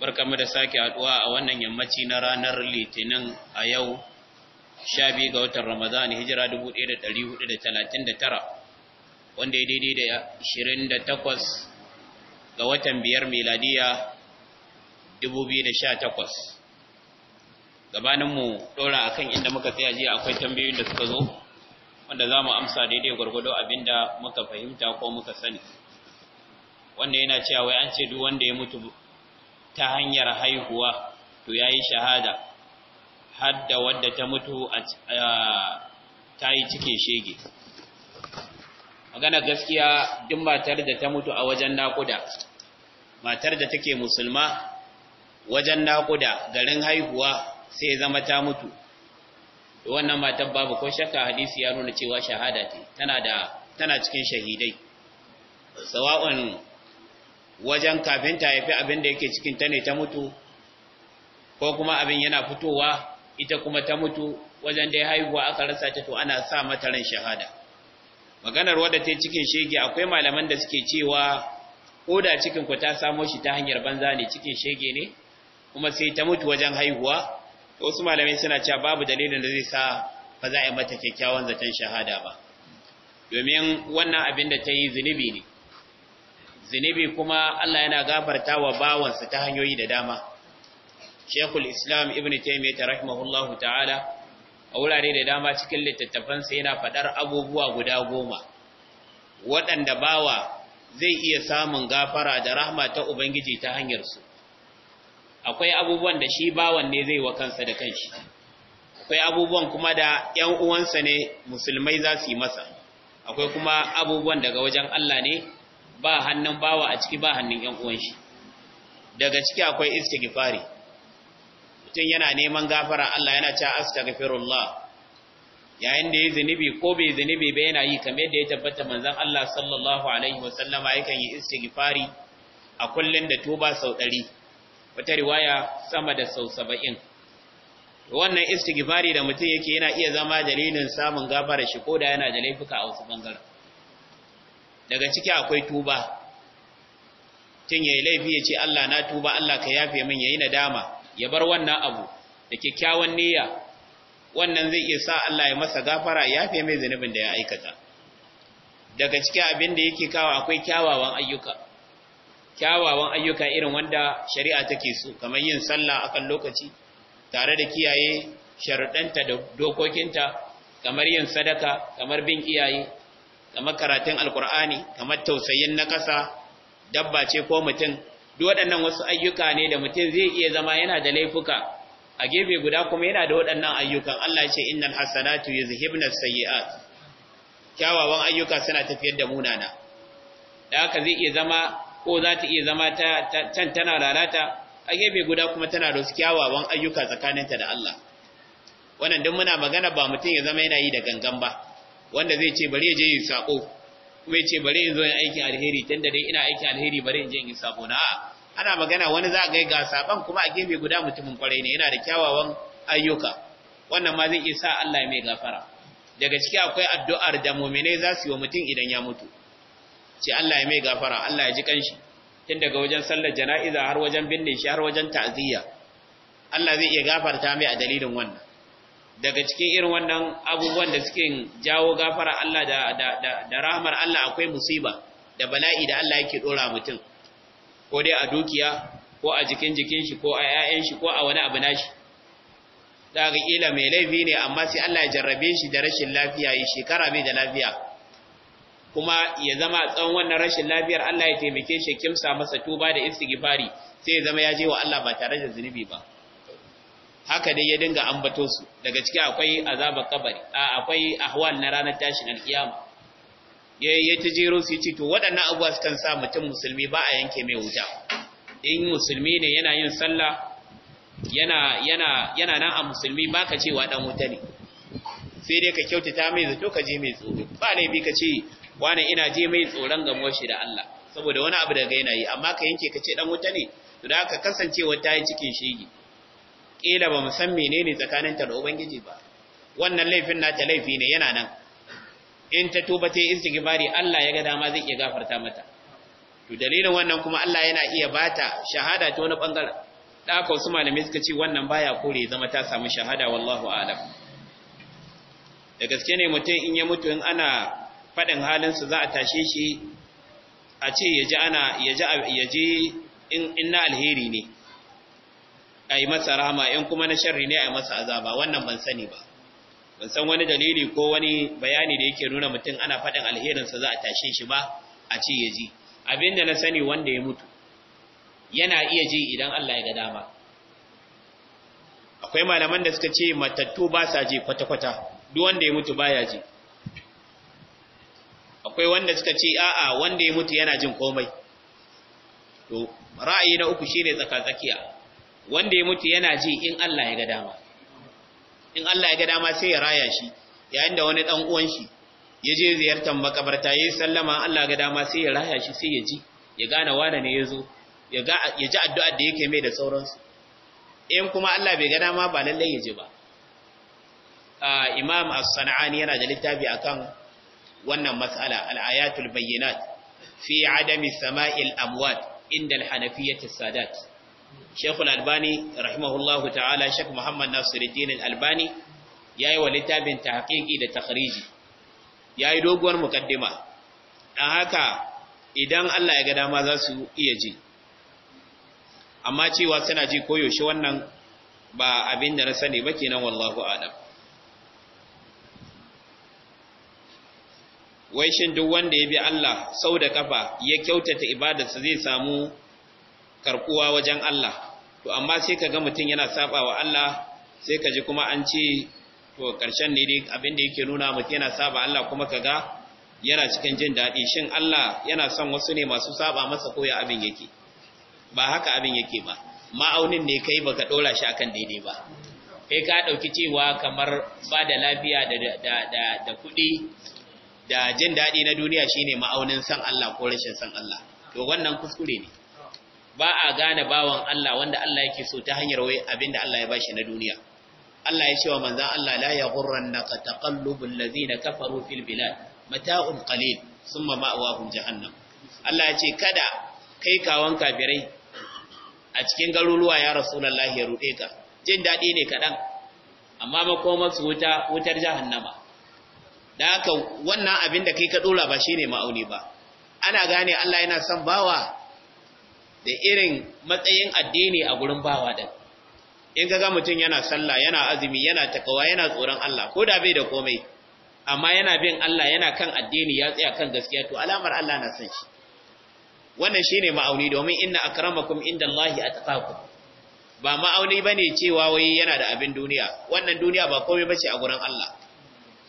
barkamu da sake haduwa a wannan yammaci na ranar litinin a yau 12 ga watan ramadan hijira 1439 wanda ya daidai da 28 ga watan biyar miladiya 2018 gabaninmu dora akan inda muka tsaya jiya akwai tambayoyin da suka zo wanda za mu amsa daidai gwargwado abinda muka fahimta ko muka sani wanda yana cewa wai an ce duk wanda ya mutu ta hanyar haihuwa to yayi shahada hadda wadda ta mutu ta yi cikin shege magana gaskiya duk matar da ta mutu a wajen nakuda matar da take musulma wajen nakuda garin haihuwa sai zama ta mutu To wannan matar babu ko shakka hadisi ya nuna cewa shahada ce tana da tana cikin shahidai sawa'un wajen kafin ta haifi abin da yake cikin ta ne ta mutu ko kuma abin yana fitowa ita kuma ta mutu wajen da ya haihuwa aka rasa ta to ana sa mata ran shahada maganar wadda ta cikin shege akwai malaman da suke cewa koda cikin ku ta samo shi ta hanyar banza ne cikin shege ne kuma sai ta mutu wajen haihuwa wasu malamai suna cewa babu dalilin da zai sa ba za a yi mata kyakkyawan zaton shahada ba domin wannan abin da ta yi zunubi ne Zinibi kuma Allah yana gafarta wa bawansa ta hanyoyi da dama Sheikhul Islam Ibn Taymiyyah rahimahullahu ta'ala a wurare da dama cikin littattafansa yana faɗar abubuwa guda goma waɗanda bawa zai iya samun gafara da rahma ta Ubangiji ta hanyar su akwai abubuwan da shi bawan ne zai wa kansa da kanshi akwai abubuwan kuma da 'yan uwansa ne musulmai za su yi masa akwai kuma abubuwan daga wajen Allah ne ba hannun bawa a ciki ba hannun ‘yan uwan shi, daga ciki akwai istighfari mutum yana neman gafara Allah yana ce astaghfirullah yayin da ya zunubi ko bai zunubi ba yana yi kamar yadda ya tabbata manzon Allah sallallahu alaihi wasallama kan yi istighfari a kullun da tuba sau 100 wata riwaya sama da sau 70 wannan istighfari da mutum yake yana iya zama dalilin samun gafara shi ko da yana da laifuka a wasu bangaren daga ciki akwai tuba tun yayi laifi ya ce Allah na tuba Allah ka yafe min yayi nadama ya bar wannan abu da kyakkyawan niyya wannan zai iya sa Allah ya masa gafara ya yafe mai zanubin da ya aikata daga ciki abin da yake kawo akwai kyawawan ayyuka kyawawan ayyuka irin wanda shari'a take so kamar yin sallah akan lokaci tare da kiyaye sharuɗanta da dokokinta kamar yin sadaka kamar bin iyaye kamar karatun alkur'ani kamar tausayin na ƙasa dabba ce ko mutum duk waɗannan wasu ayyuka ne da mutum zai iya zama yana da laifuka a gefe guda kuma yana da waɗannan ayyukan Allah ce innal hasanatu yuzhibna sayyi'at kyawawan ayyuka suna tafiyar da munana da haka zai iya zama ko za ta iya zama can tana lalata a gefe guda kuma tana da wasu kyawawan ayyuka tsakaninta da Allah wannan duk muna magana ba mutum ya zama yana yi da gangan ba wanda zai ce bari je yin sako kuma ce bari in zo yin aikin alheri tunda dai ina aikin alheri bari in je yin sako na ana magana wani za ga ga saban kuma a gefe guda mutumin kwarai ne yana da kyawawan ayyuka wannan ma zai iya sa Allah mai gafara daga ciki akwai addu'ar da mu'minai za su yi wa mutum idan ya mutu ce Allah ya mai gafara Allah ya ji kanshi tun daga wajen sallar jana'iza har wajen binne shi har wajen ta'aziyya Allah zai iya gafarta mai a dalilin wannan daga cikin irin wannan abubuwan da suke jawo gafara Allah da da da, da rahmar Allah akwai musiba da bala'i da Allah yake dora mutum ko dai a dukiya ko a jikin jikin shi ko a ƴaƴan shi ko a wani abu nashi daga kila mai laifi ne amma sai Allah ya jarrabe shi da rashin lafiya yi shekara mai da lafiya kuma ya zama tsawon wannan rashin lafiyar Allah ya taimake shi kimsa masa tuba da istighfari sai ya zama ya je wa Allah ba tare da zunubi ba haka dai ya dinga ambato su daga ciki akwai azaba kabari akwai ahwal na ranar tashin alkiyama ya ya ta jero su yace to waɗannan abubuwa su kan sa mutum musulmi ba a yanke mai wuta in musulmi ne yana yin sallah yana yana yana nan a musulmi ba ka cewa dan wuta ne sai dai ka kyautata mai zato ka je mai tsoro ba laifi ka ce wani ina je mai tsoron ga shi da Allah saboda wani abu daga yana yi amma ka yanke ka ce dan wuta ne to da haka kasancewa ta yi cikin shege kila ba mu san menene tsakaninta da ubangiji ba wannan laifin na nata laifi ne yana nan in ta tuba ta yi istighfari Allah ya ga dama zai iya gafarta mata to dalilin wannan kuma Allah yana iya ba ta shahada ta wani ɓangare. da aka wasu malamai suka ce wannan baya kore zama ta samu shahada wallahu a'lam da gaske ne mutum in ya mutu in ana faɗin halinsu za a tashe shi a ce ya ji ana ya ji in na alheri ne a yi masa rahama in kuma na sharri ne a yi masa azaba wannan ban sani ba ban san wani dalili ko wani bayani da yake nuna mutum ana faɗin alherinsa za a tashe shi ba a ce ya ji abin da na sani wanda ya mutu yana iya ji idan Allah ya ga dama akwai malaman da suka ce matattu ba sa ji kwata-kwata duk wanda ya mutu baya ji akwai wanda suka ce a'a wanda ya mutu yana jin komai to ra'ayi na uku shine tsakiya. wanda ya mutu yana ji in Allah ya ga dama in Allah ya ga dama sai ya raya shi yayin da wani dan uwan shi ya je ziyartar makabarta yayi sallama Allah ga dama sai ya raya shi sai ya ji ya gane wane ne yazo ya ga ya ji addu'ar da yake mai da sauransu in kuma Allah bai ga dama ba lalle ya ji ba imam as-sana'ani yana da littafi akan wannan mas'ala al-ayatul bayyinat fi adami sama'il amwat inda al-hanafiyyah as-sadat Sheikh Al-Albani rahimahullahu ta'ala Sheikh Muhammad Nasiruddin Al-Albani yayi wa littafin tahqiqi da takhriji yayi doguwar mukaddima dan haka idan Allah ya ga dama za su iya ji amma cewa suna ji koyaushe wannan ba abin da na sani ba kenan wallahu a'lam wai shin duk wanda ya bi Allah sau da kafa ya kyautata ibadarsa zai samu karkuwa wajen Allah to amma sai ka ga mutum yana sabawa Allah sai ka ji kuma an ce to karshen ne dai abin da yake nuna mutum yana saba Allah kuma kaga yana cikin jin daɗi shin Allah yana son wasu ne masu saba masa koya abin yake ba haka abin yake ba ma'aunin ne kai baka ɗora shi akan daidai ba kai ka ɗauki cewa kamar ba da lafiya da kuɗi da jin daɗi na duniya shine ma'aunin san Allah ko rashin san Allah to wannan kuskure ne ba a gane bawan Allah wanda Allah yake so ta hanyar wai abinda Allah ya bashi na duniya Allah ya ce wa manzon Allah la yaghurrannaka taqallubul ladzina kafaru fil bilad mata'un qalil thumma ma'wahum jahannam Allah ya ce kada kai kawon kafirai a cikin garuruwa ya rasulullahi ya rude ka jin dadi ne kadan amma makomar su wuta wutar jahannama da haka wannan abin da kai ka dora ba shine ma'auni ba ana gane Allah yana son bawa da irin matsayin addini a gurin bawa ɗan. in ga mutum yana sallah yana azumi yana takawa yana tsoron Allah ko da bai da komai amma yana bin Allah yana kan addini ya tsaya kan gaskiya to alamar Allah na san shi wannan shine ma'auni domin inna akramakum indallahi atqakum ba ma'auni bane cewa wai yana da abin duniya wannan duniya ba komai ba ce a gurin Allah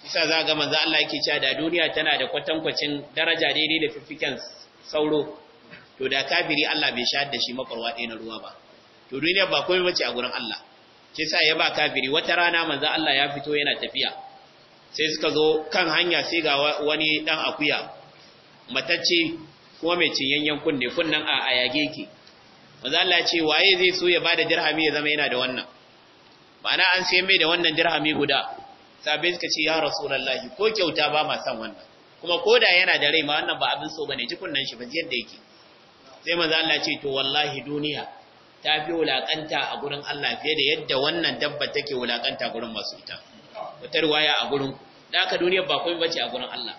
isa za ga manzo Allah yake cewa da duniya tana da kwatankwacin daraja daidai da fifiken sauro to da kafiri Allah bai shahar da shi makwarwa ɗaya na ruwa ba to duniya ba komai bace a gurin Allah shi sa ya ba kafiri wata rana manzo Allah ya fito yana tafiya sai suka zo kan hanya sai ga wani dan akuya matacce kuma mai cinyanyen kunne kunnan a ayage ki manzo Allah ce waye zai so ya bada dirhami ya zama yana da wannan ma'ana an sai mai da wannan dirhami guda sabai suka ce ya rasu rasulullahi ko kyauta ba ma san wannan kuma koda yana da rai ma wannan ba abin so bane ji kunnan shi ba yadda yake sai maza Allah ce to wallahi duniya ta fi wulakanta a gurin Allah fiye da yadda wannan dabba take wulakanta gurin masu ita wata ruwaya a gurin da aka duniya ba kuma bace a gurin Allah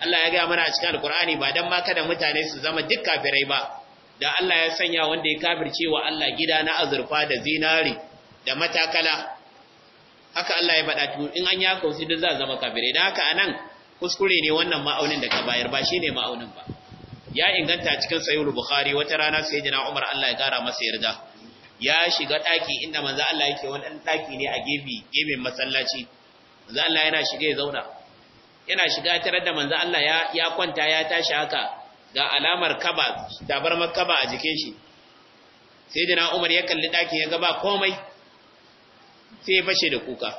Allah ya ga mana a cikin alkur'ani ba dan ma kada mutane su zama duk kafirai ba da Allah ya sanya wanda ya kafirce wa Allah gida na azurfa da zinari da matakala haka Allah ya faɗa tu in an ya kausi duk za zama kafirai dan haka anan kuskure ne wannan ma'aunin da ka bayar ba shine ma'aunin ba ya inganta cikin sahihul bukhari wata rana sai sayyidina umar Allah ya gara masa yarda ya shiga daki inda manzo Allah yake wani dan daki ne a gefe gefen masallaci manzo Allah yana shiga ya zauna yana shiga tare da manzo Allah ya ya kwanta ya tashi haka ga alamar kaba tabarmar kaba a jikin shi Sai sayyidina umar ya kalli daki ya ga ba komai sai ya fashe da kuka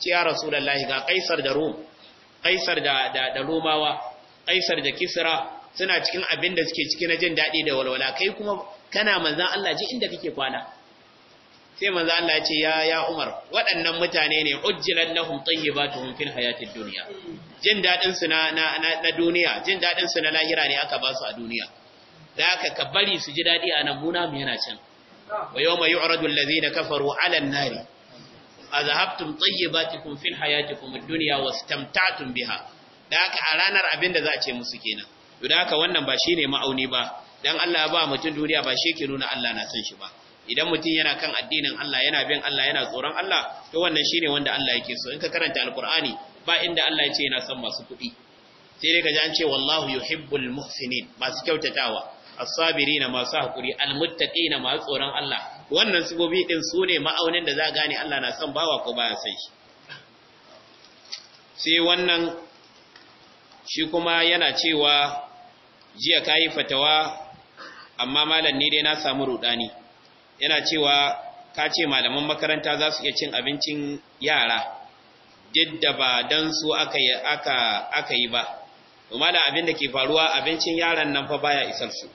ce ya rasulullahi ga kaisar da rum kaisar da da, da kaisar da kisra suna cikin abin da suke ciki na jin daɗi da walwala kai kuma kana manzan Allah ji inda kake kwana sai manzan Allah ce ya ya Umar waɗannan mutane ne ujjilan lahum tayyibatuhum fil hayatid dunya jin daɗin su na na duniya jin daɗin su na lahira ne aka ba su a duniya da aka ka bari su ji daɗi a nan muna mu yana can wa yawma yu'radu allazina kafaru 'ala an-nari azhabtum tayyibatikum fil hayatikum ad-dunya wastamta'tum biha da aka a ranar abin da za a ce musu kenan to haka wannan ba shine ma'auni ba dan Allah ba mutum duniya ba shi ke nuna Allah na san shi ba idan mutum yana kan addinin Allah yana bin Allah yana tsoron Allah to wannan ne wanda Allah yake so in ka karanta alqur'ani ba inda Allah ya ce yana son masu kuɗi sai dai ka ji an ce wallahu yuhibbul muhsinin masu kyautatawa as-sabirina masu hakuri al-muttaqina masu tsoron Allah wannan sibobi din su ne ma'aunin da za gane Allah na son bawa ko baya son shi sai wannan shi kuma yana cewa jiya ka yi fatawa amma malam ni dai na samu rudani yana cewa ka ce malaman makaranta za su iya cin abincin yara duk da ba dan su aka yi aka aka yi ba to malam abin da ke faruwa abincin yaran nan fa baya isar su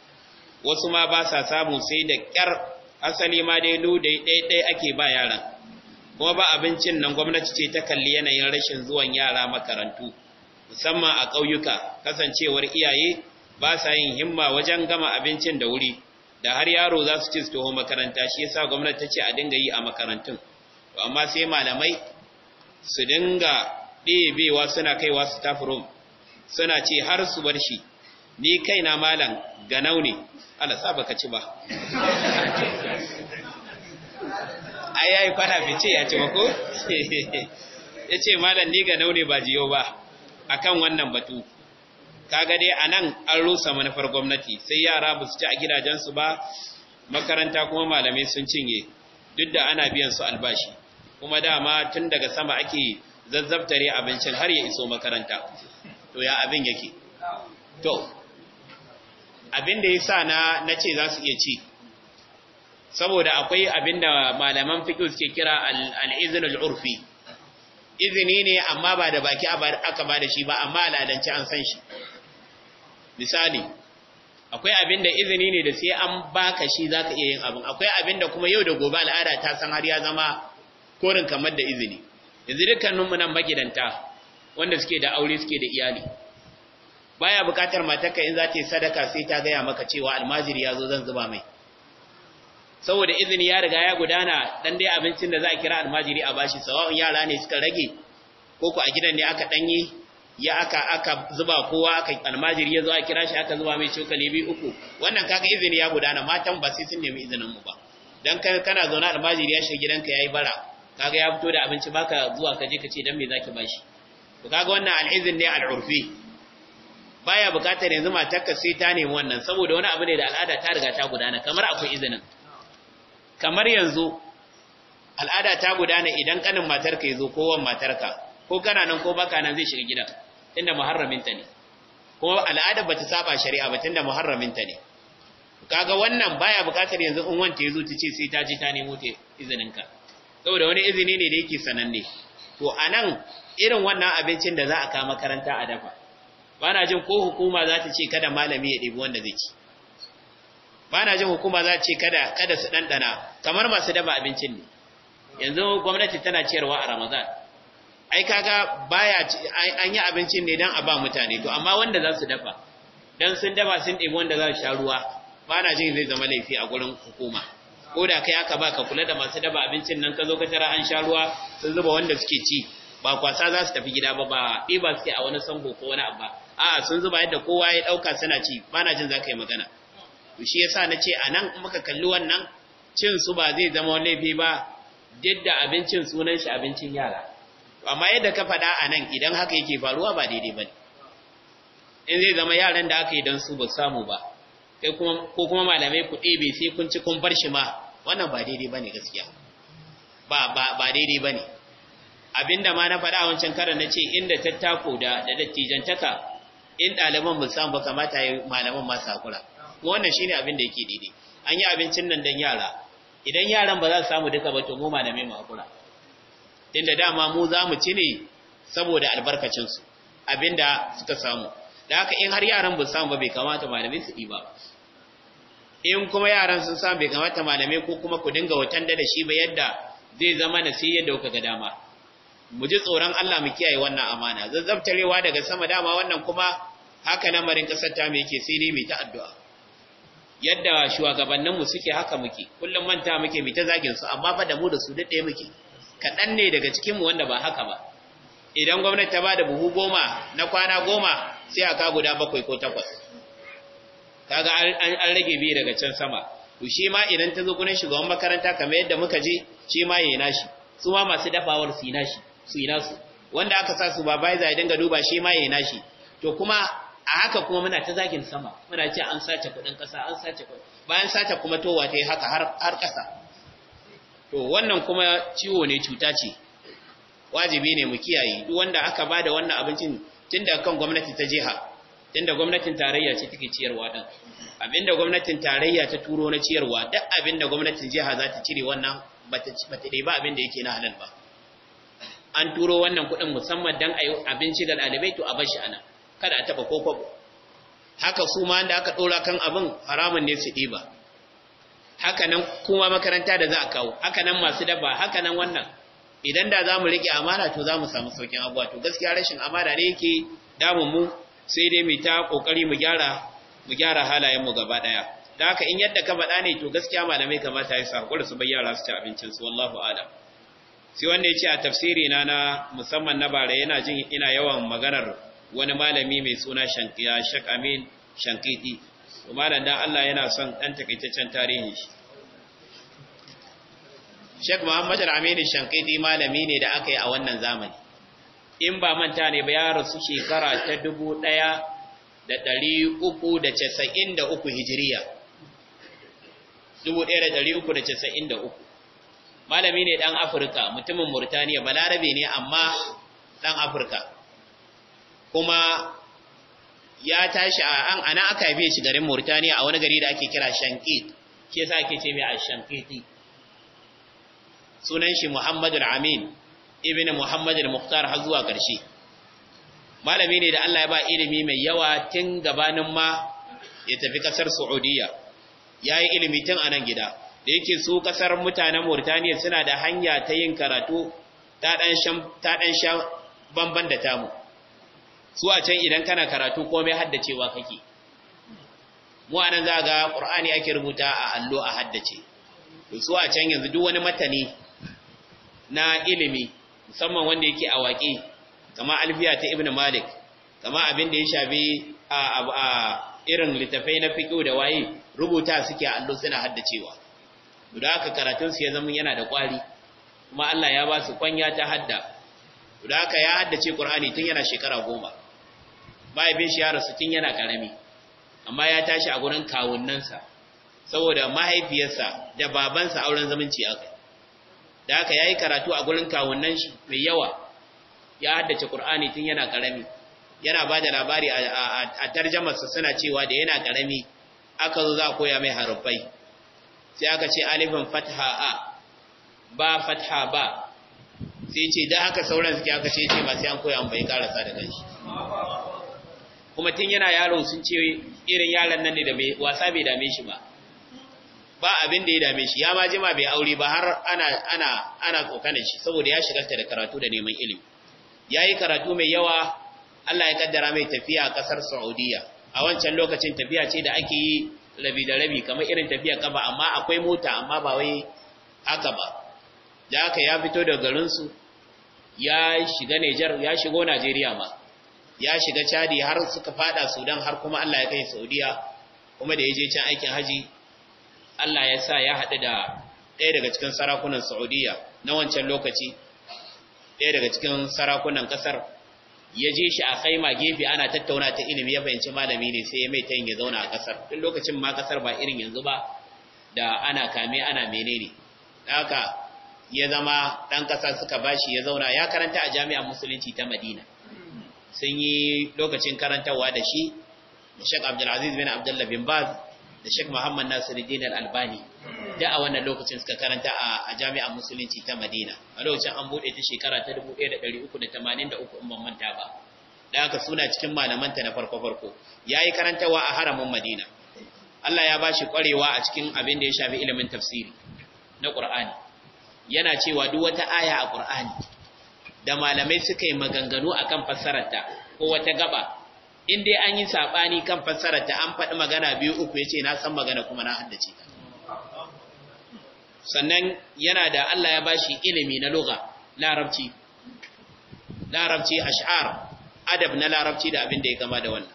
wasu ma ba sa samu sai da kyar asali ma dai ludai ɗaiɗai ake ba yaran kuma ba abincin nan gwamnati ce ta kalli yanayin rashin zuwan yara makarantu musamman a ƙauyuka kasancewar iyaye ba sa yin himma wajen gama abincin da wuri da har yaro za su ci su taho makaranta shi yasa gwamnati ta ce a dinga yi a makarantun to amma sai malamai su dinga ɗebewa suna kaiwa su tafi rom suna ce har su bar shi ni kaina malam ganau ne Allah sa baka ci ba ai ai fara fice ya ci ba ko yace malam ni ganau ne ba jiyo ba akan wannan batu kaga dai a nan an rusa manufar gwamnati sai yara ba su ci a gidajensu ba makaranta kuma malamai sun cinye duk da ana biyan su albashi kuma dama tun daga sama ake zazzabtare abincin har ya iso makaranta to ya abin yake to abin da yasa na nace za su iya ci saboda akwai abin da malaman fiqh suke kira al-izn al-urfi izini ne amma ba da baki aka ba da shi ba amma al'adance an san shi misali akwai abin da izini ne da sai an baka shi zaka iya yin abin akwai abin da kuma yau da gobe al'ada ta san har ya zama korin kamar da izini yanzu dukkaninmu nan magidanta wanda suke da aure suke da iyali baya bukatar matarka in za ta yi sadaka sai ta gaya maka cewa almajiri ya zo zan zuba mai saboda izini ya riga ya gudana dan dai abincin da za a kira almajiri a bashi sawa'un yara ne suka rage ko ku a gidan ne aka danyi ya aka aka zuba kowa aka almajiri ya zo a kira shi aka zuba mai cokali bi uku wannan kaga izini ya gudana matan ba sai sun nemi izinin mu ba dan kai kana zaune almajiri ya shiga gidanka yayi bara kaga ya fito da abinci baka zuwa ka je ka ce dan me zaki bashi to kaga wannan al'izin ne al'urfi baya bukatar yanzu ka sai ta nemi wannan saboda wani abu ne da al'ada ta riga ta gudana kamar akwai izinin kamar yanzu al'ada ta gudana idan kanin matarka yazo kowan matar matarka ko kana nan ko baka nan zai shiga gidanka tunda muharraminta ne kuma al'ada bata saba shari'a ba tunda muharraminta ne kaga wannan baya bukatar yanzu in wanta yazo ta ce sai ta je ta nemo ta izinin ka saboda wani izini ne da yake sananne to anan irin wannan abincin da za a kama makaranta a dafa ba na jin ko hukuma za ta ce kada malami ya ɗebi wanda zai ci ba na jin hukuma za ta ce kada kada su ɗanɗana kamar masu dafa abincin ne yanzu gwamnati tana ciyarwa a ramadan ai kaga baya an yi abincin ne dan a ba mutane to amma wanda za su dafa dan sun dafa sun ɗebi wanda za su sha ruwa ba na jin zai zama laifi a gurin hukuma ko da kai aka ba ka kula da masu dafa abincin nan ka zo ka tara an sha ruwa sun zuba wanda suke ci ba kwasa za su tafi gida ba ba ɗiba suke a wani sango ko wani abu a sun zuba yadda kowa ya ɗauka suna ci ba na jin za ka yi magana shi yasa na ce a nan muka kalli wannan cin su ba zai zama laifi ba duk da abincin sunan shi abincin yara amma yadda ka faɗa a nan idan haka yake faruwa ba daidai ba in zai zama yaran da aka yi don su ba samu ba ko kuma malamai ku ɗebe sai kun ci kun bar shi ma wannan ba daidai ba ne gaskiya ba daidai ba ne abinda ma na faɗa a wancan karan na ce inda tattako da dattijan dattijantaka in ɗaliban ba samu ba kamata ya malaman masu hakura wannan shine abin da yake daidai an yi abincin nan don yara idan yaran ba za su samu duka ba to mu malamai mu hakura tunda dama mu za mu ci ne saboda albarkacinsu abinda suka samu da haka in har yaran ba samu ba bai kamata malamin su yi ba in kuma yaran sun samu bai kamata malamai ko kuma ku dinga watan da shi ba yadda zai zama na sai yadda kuka ga dama mu ji tsoron Allah mu kiyaye wannan amana zazzabtarewa daga sama dama wannan kuma haka lamarin kasar ta mai yake sai ne mai ta addu'a yadda shugabanninmu suke haka muke kullum manta muke mai ta zagin su amma fa da mu da su dade muke kaɗan ne daga cikinmu wanda ba haka ba idan gwamnati ta bada buhu goma na kwana goma sai aka guda bakwai ko takwas kaga an rage biyu daga can sama to shi ma idan ta zo gurin shugaban makaranta kamar yadda muka ji shi ma yayi nashi su ma masu dafawar su nashi su nasu wanda aka sa su babai ya dinga duba shi ma yayi nashi to kuma a haka kuma muna ta zagin sama muna ce an sace kudin kasa an sace kudin bayan sace kuma towa ta yi haka har har kasa to wannan kuma ciwo ne cuta ce wajibi ne mu kiyaye duk wanda aka bada wannan abincin tunda kan gwamnati ta jiha tunda gwamnatin tarayya ce take ciyarwa din abinda gwamnatin tarayya ta turo na ciyarwa duk abinda gwamnatin jiha za ta cire wannan bata ta dai ba abinda yake na halal ba an turo wannan kuɗin musamman dan ayi abinci ga dalibai to a bar shi ana kada a taba kokon haka su ma da aka dora kan abin haramun ne su diba haka nan kuma makaranta da za a kawo haka nan masu dabba haka nan wannan idan da za mu riƙe amana to za mu samu saukin abuwa to gaskiya rashin amana ne yake damun mu sai dai mu ta kokari mu gyara mu gyara halayen mu gaba daya da haka in yadda ka faɗa ne to gaskiya malamai kamata ya sa hakuri su bai yara su ci abincin su wallahu alam sai wanda ya ce a tafsiri na na musamman na bara yana jin ina yawan maganar wani malami mai suna Shankiya Shak Shankiti to malam dan Allah yana son ɗan takaitaccen tarihi shi Sheikh Muhammadu Aminu Shankidi malami ne da aka yi a wannan zamani in ba manta ne ba ya rasu shekara ta dubu ɗaya da da da ɗari uku casa'in uku hijiriya uku. malami ne ɗan Afirka mutumin Murtaniya balarabe ne amma ɗan Afirka kuma ya tashi a an ana aka haife shi garin Mauritania a wani gari da ake kira Shankit ke sa ake ce mai Shankiti sunan shi Muhammadu amin ibn Muhammad Muhtar har zuwa ƙarshe malami ne da Allah ya ba ilimi mai yawa tun gabanin ma ya tafi kasar Saudiya yayi ilimi tun anan gida da yake su kasar mutanen Mauritania suna da hanya ta yin karatu ta dan ta dan sha bamban da tamu su a can idan kana karatu komai haddacewa kake mu anan za ga qur'ani ake rubuta a allo a haddace to su a can yanzu duk wani matani na ilimi musamman wanda yake a waƙe kama alfiya ta ibnu malik kama abin da ya shafi a irin littafai na fiqh da waye rubuta suke a allo suna haddacewa to da haka karatun su ya zama yana da kwari kuma Allah ya ba su kwanya ta hadda to haka ya haddace qur'ani tun yana shekara goma mahaifin shi ya rasu tun yana karami amma ya tashi a gurin kawunansa saboda mahaifiyarsa da babansa auren zamanci aka da haka yayi karatu a gurin kawunnan shi mai yawa ya haddace Qur'ani tun yana karami yana da labari a sa suna cewa da yana karami aka zo za a koya mai harufai sai aka ce alifin fatha a ba fatha ba sai ce da haka sauran suke aka ce ce ba sai an koya an bai karasa da kanshi kuma tun yana yaro sun ce irin yaron nan ne da wasa bai dame shi ba ba abin da ya dame shi ya ma jima bai aure ba har ana ana ana kokana shi saboda ya shigarta da karatu da neman ilimi yayi karatu mai yawa Allah ya kaddara mai tafiya a kasar Saudiya a wancan lokacin tafiya ce da ake yi rabi da rabi kamar irin tafiya kaba amma akwai mota amma ba wai haka ba da haka ya fito da garin su ya shiga Nijar ya shigo Najeriya ma ya shiga Chadi har suka fada Sudan har kuma Allah ya kai Saudiya kuma da ya je can aikin haji Allah ya sa ya hadu da ɗaya daga cikin sarakunan Saudiya na wancan lokaci ɗaya daga cikin sarakunan kasar ya je shi a kaima gefe ana tattauna ta ilimi ya fahimci malami ne sai ya mai tayin ya zauna a ƙasar duk lokacin ma kasar ba irin yanzu ba da ana kame ana menene haka ya zama ɗan ƙasa suka bashi ya zauna ya karanta a jami'an musulunci ta Madina sun yi lokacin karantarwa da shi da Sheikh Abdul bin Abdullah bin Baz da shek Muhammad Nasiru, dinar albani da a wannan lokacin suka karanta a Jami'ar Musulunci ta Madina a lokacin an bude ta shekara ta 1383 in ban manta ba da aka suna cikin malamanta na farko farko Ya yi karantawa a haramin Madina Allah ya ba shi kwarewa a cikin abin da ya shafi ilimin tafsiri na ƙur'ani. yana cewa duk wata aya a ƙur'ani. da malamai suka yi maganganu a kan fassararta ko wata gaba in dai an yi sabani kan fassararta an faɗi magana biyu uku ya ce na san magana kuma na haddace ta sannan yana da Allah ya bashi ilimi na lugha larabci larabci ash'ar adab na larabci da abin da ya gama da wannan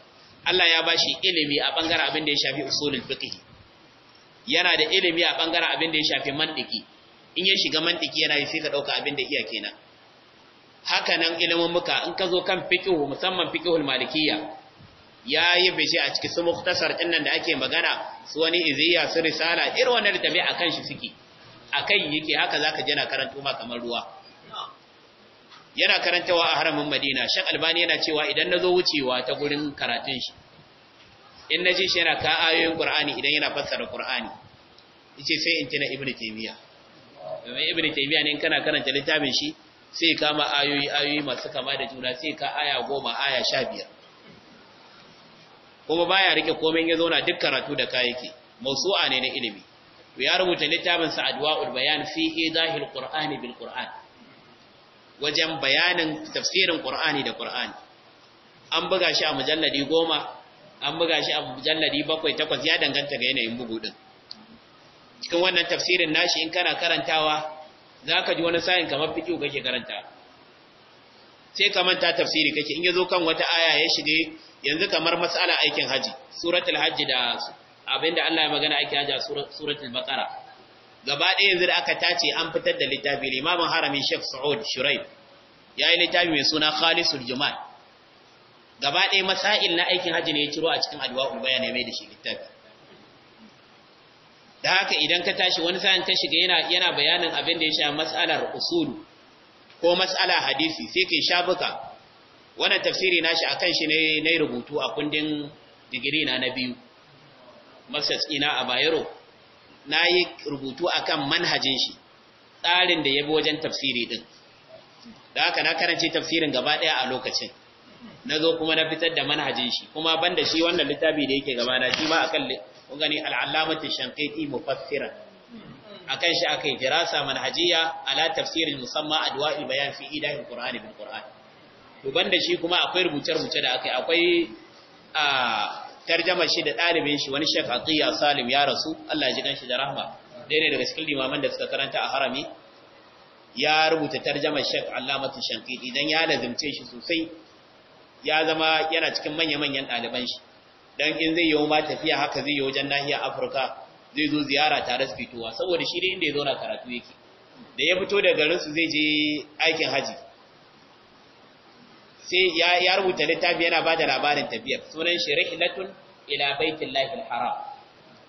Allah ya bashi ilimi a bangaren abin da ya shafi usulul fiqh yana da ilimi a bangaren abin da ya shafi mantiki in ya shiga mantiki yana yi sai ka dauka abin da iya kenan haka nan ilimin muka in ka zo kan fiƙihu, musamman fiqhul malikiyya yayi bishi a cikin su muktasar din nan da ake magana su wani iziya su risala irin wannan da akan shi suke akan yake haka zaka je na karanta ma kamar ruwa yana karantawa a haramin Madina Sheikh Albani yana cewa idan nazo wucewa ta gurin karatun shi in naji shi yana ka ayoyin Qur'ani idan yana fassara Qur'ani yace sai in tuna Ibn Taymiyyah domin Ibn Taymiyyah ne in kana karanta littafin shi sai kama ayoyi ayoyi masu kama da juna sai ka aya goma aya sha biyar kuma baya rike komai ya zauna duk karatu da kayayyaki mausu'a ne na ilimi ya rubuta littafin sa adwa'ul bayan fi idahil qur'ani bil qur'an wajen bayanin tafsirin qur'ani da qur'ani an buga shi a mujalladi goma an buga shi a mujalladi bakwai takwas ya danganta ga yanayin bugu din cikin wannan tafsirin nashi in kana karantawa za ka ji wani sayin kamar fiƙiyu kake karanta sai ka manta tafsiri kake in ya zo kan wata aya ya shige yanzu kamar matsala aikin haji suratul hajji da abinda Allah ya magana aikin haji a suratul baqara gaba ɗaya yanzu da aka tace an fitar da littafi limamin harami Sheikh Saud Shuraib yayi littafi mai suna Khalisul Jumal gaba ɗaya masail na aikin haji ne ya ciro a cikin adwa'ul bayan ne mai da shi littafi da haka idan ka tashi wani sa'in ka shiga yana yana bayanin abin da ya sha mas'alar usul ko mas'ala hadisi sai kai shabuka wannan tafsiri nashi akan shi ne ne rubutu a kundin digiri na na biyu masas ina a Bayero nayi rubutu akan manhajin shi tsarin da yabo wajen tafsiri din da haka na karance tafsirin gaba daya a lokacin na zo kuma na fitar da manhajin shi kuma banda shi wannan littafi da yake gabana shi ma akan kun gani al'alamatu shanqiti mufassiran akan shi akai dirasa manhajiya ala tafsirin musamma adwa'il bayan fi idahil qur'ani bil qur'an to banda shi kuma akwai rubuce rubuce da akai akwai a tarjama shi da dalibin shi wani Sheikh aqiya Salim ya rasu Allah ya ji ganshi da rahma dai ne daga cikin limaman da suka karanta a harami ya rubuta tarjama Sheikh Allamatu Shanqiti dan ya lazimce shi sosai ya zama yana cikin manya-manyan ɗaliban shi dan in zai yi ma tafiya haka zai yi wajen nahiyar afirka zai zo ziyara tare su fitowa saboda shi dai inda ya zauna karatu yake da ya fito daga garinsu zai je aikin haji sai ya rubuta littafi yana ba da labarin tafiya. sunan shi rihilatun ila baitin haram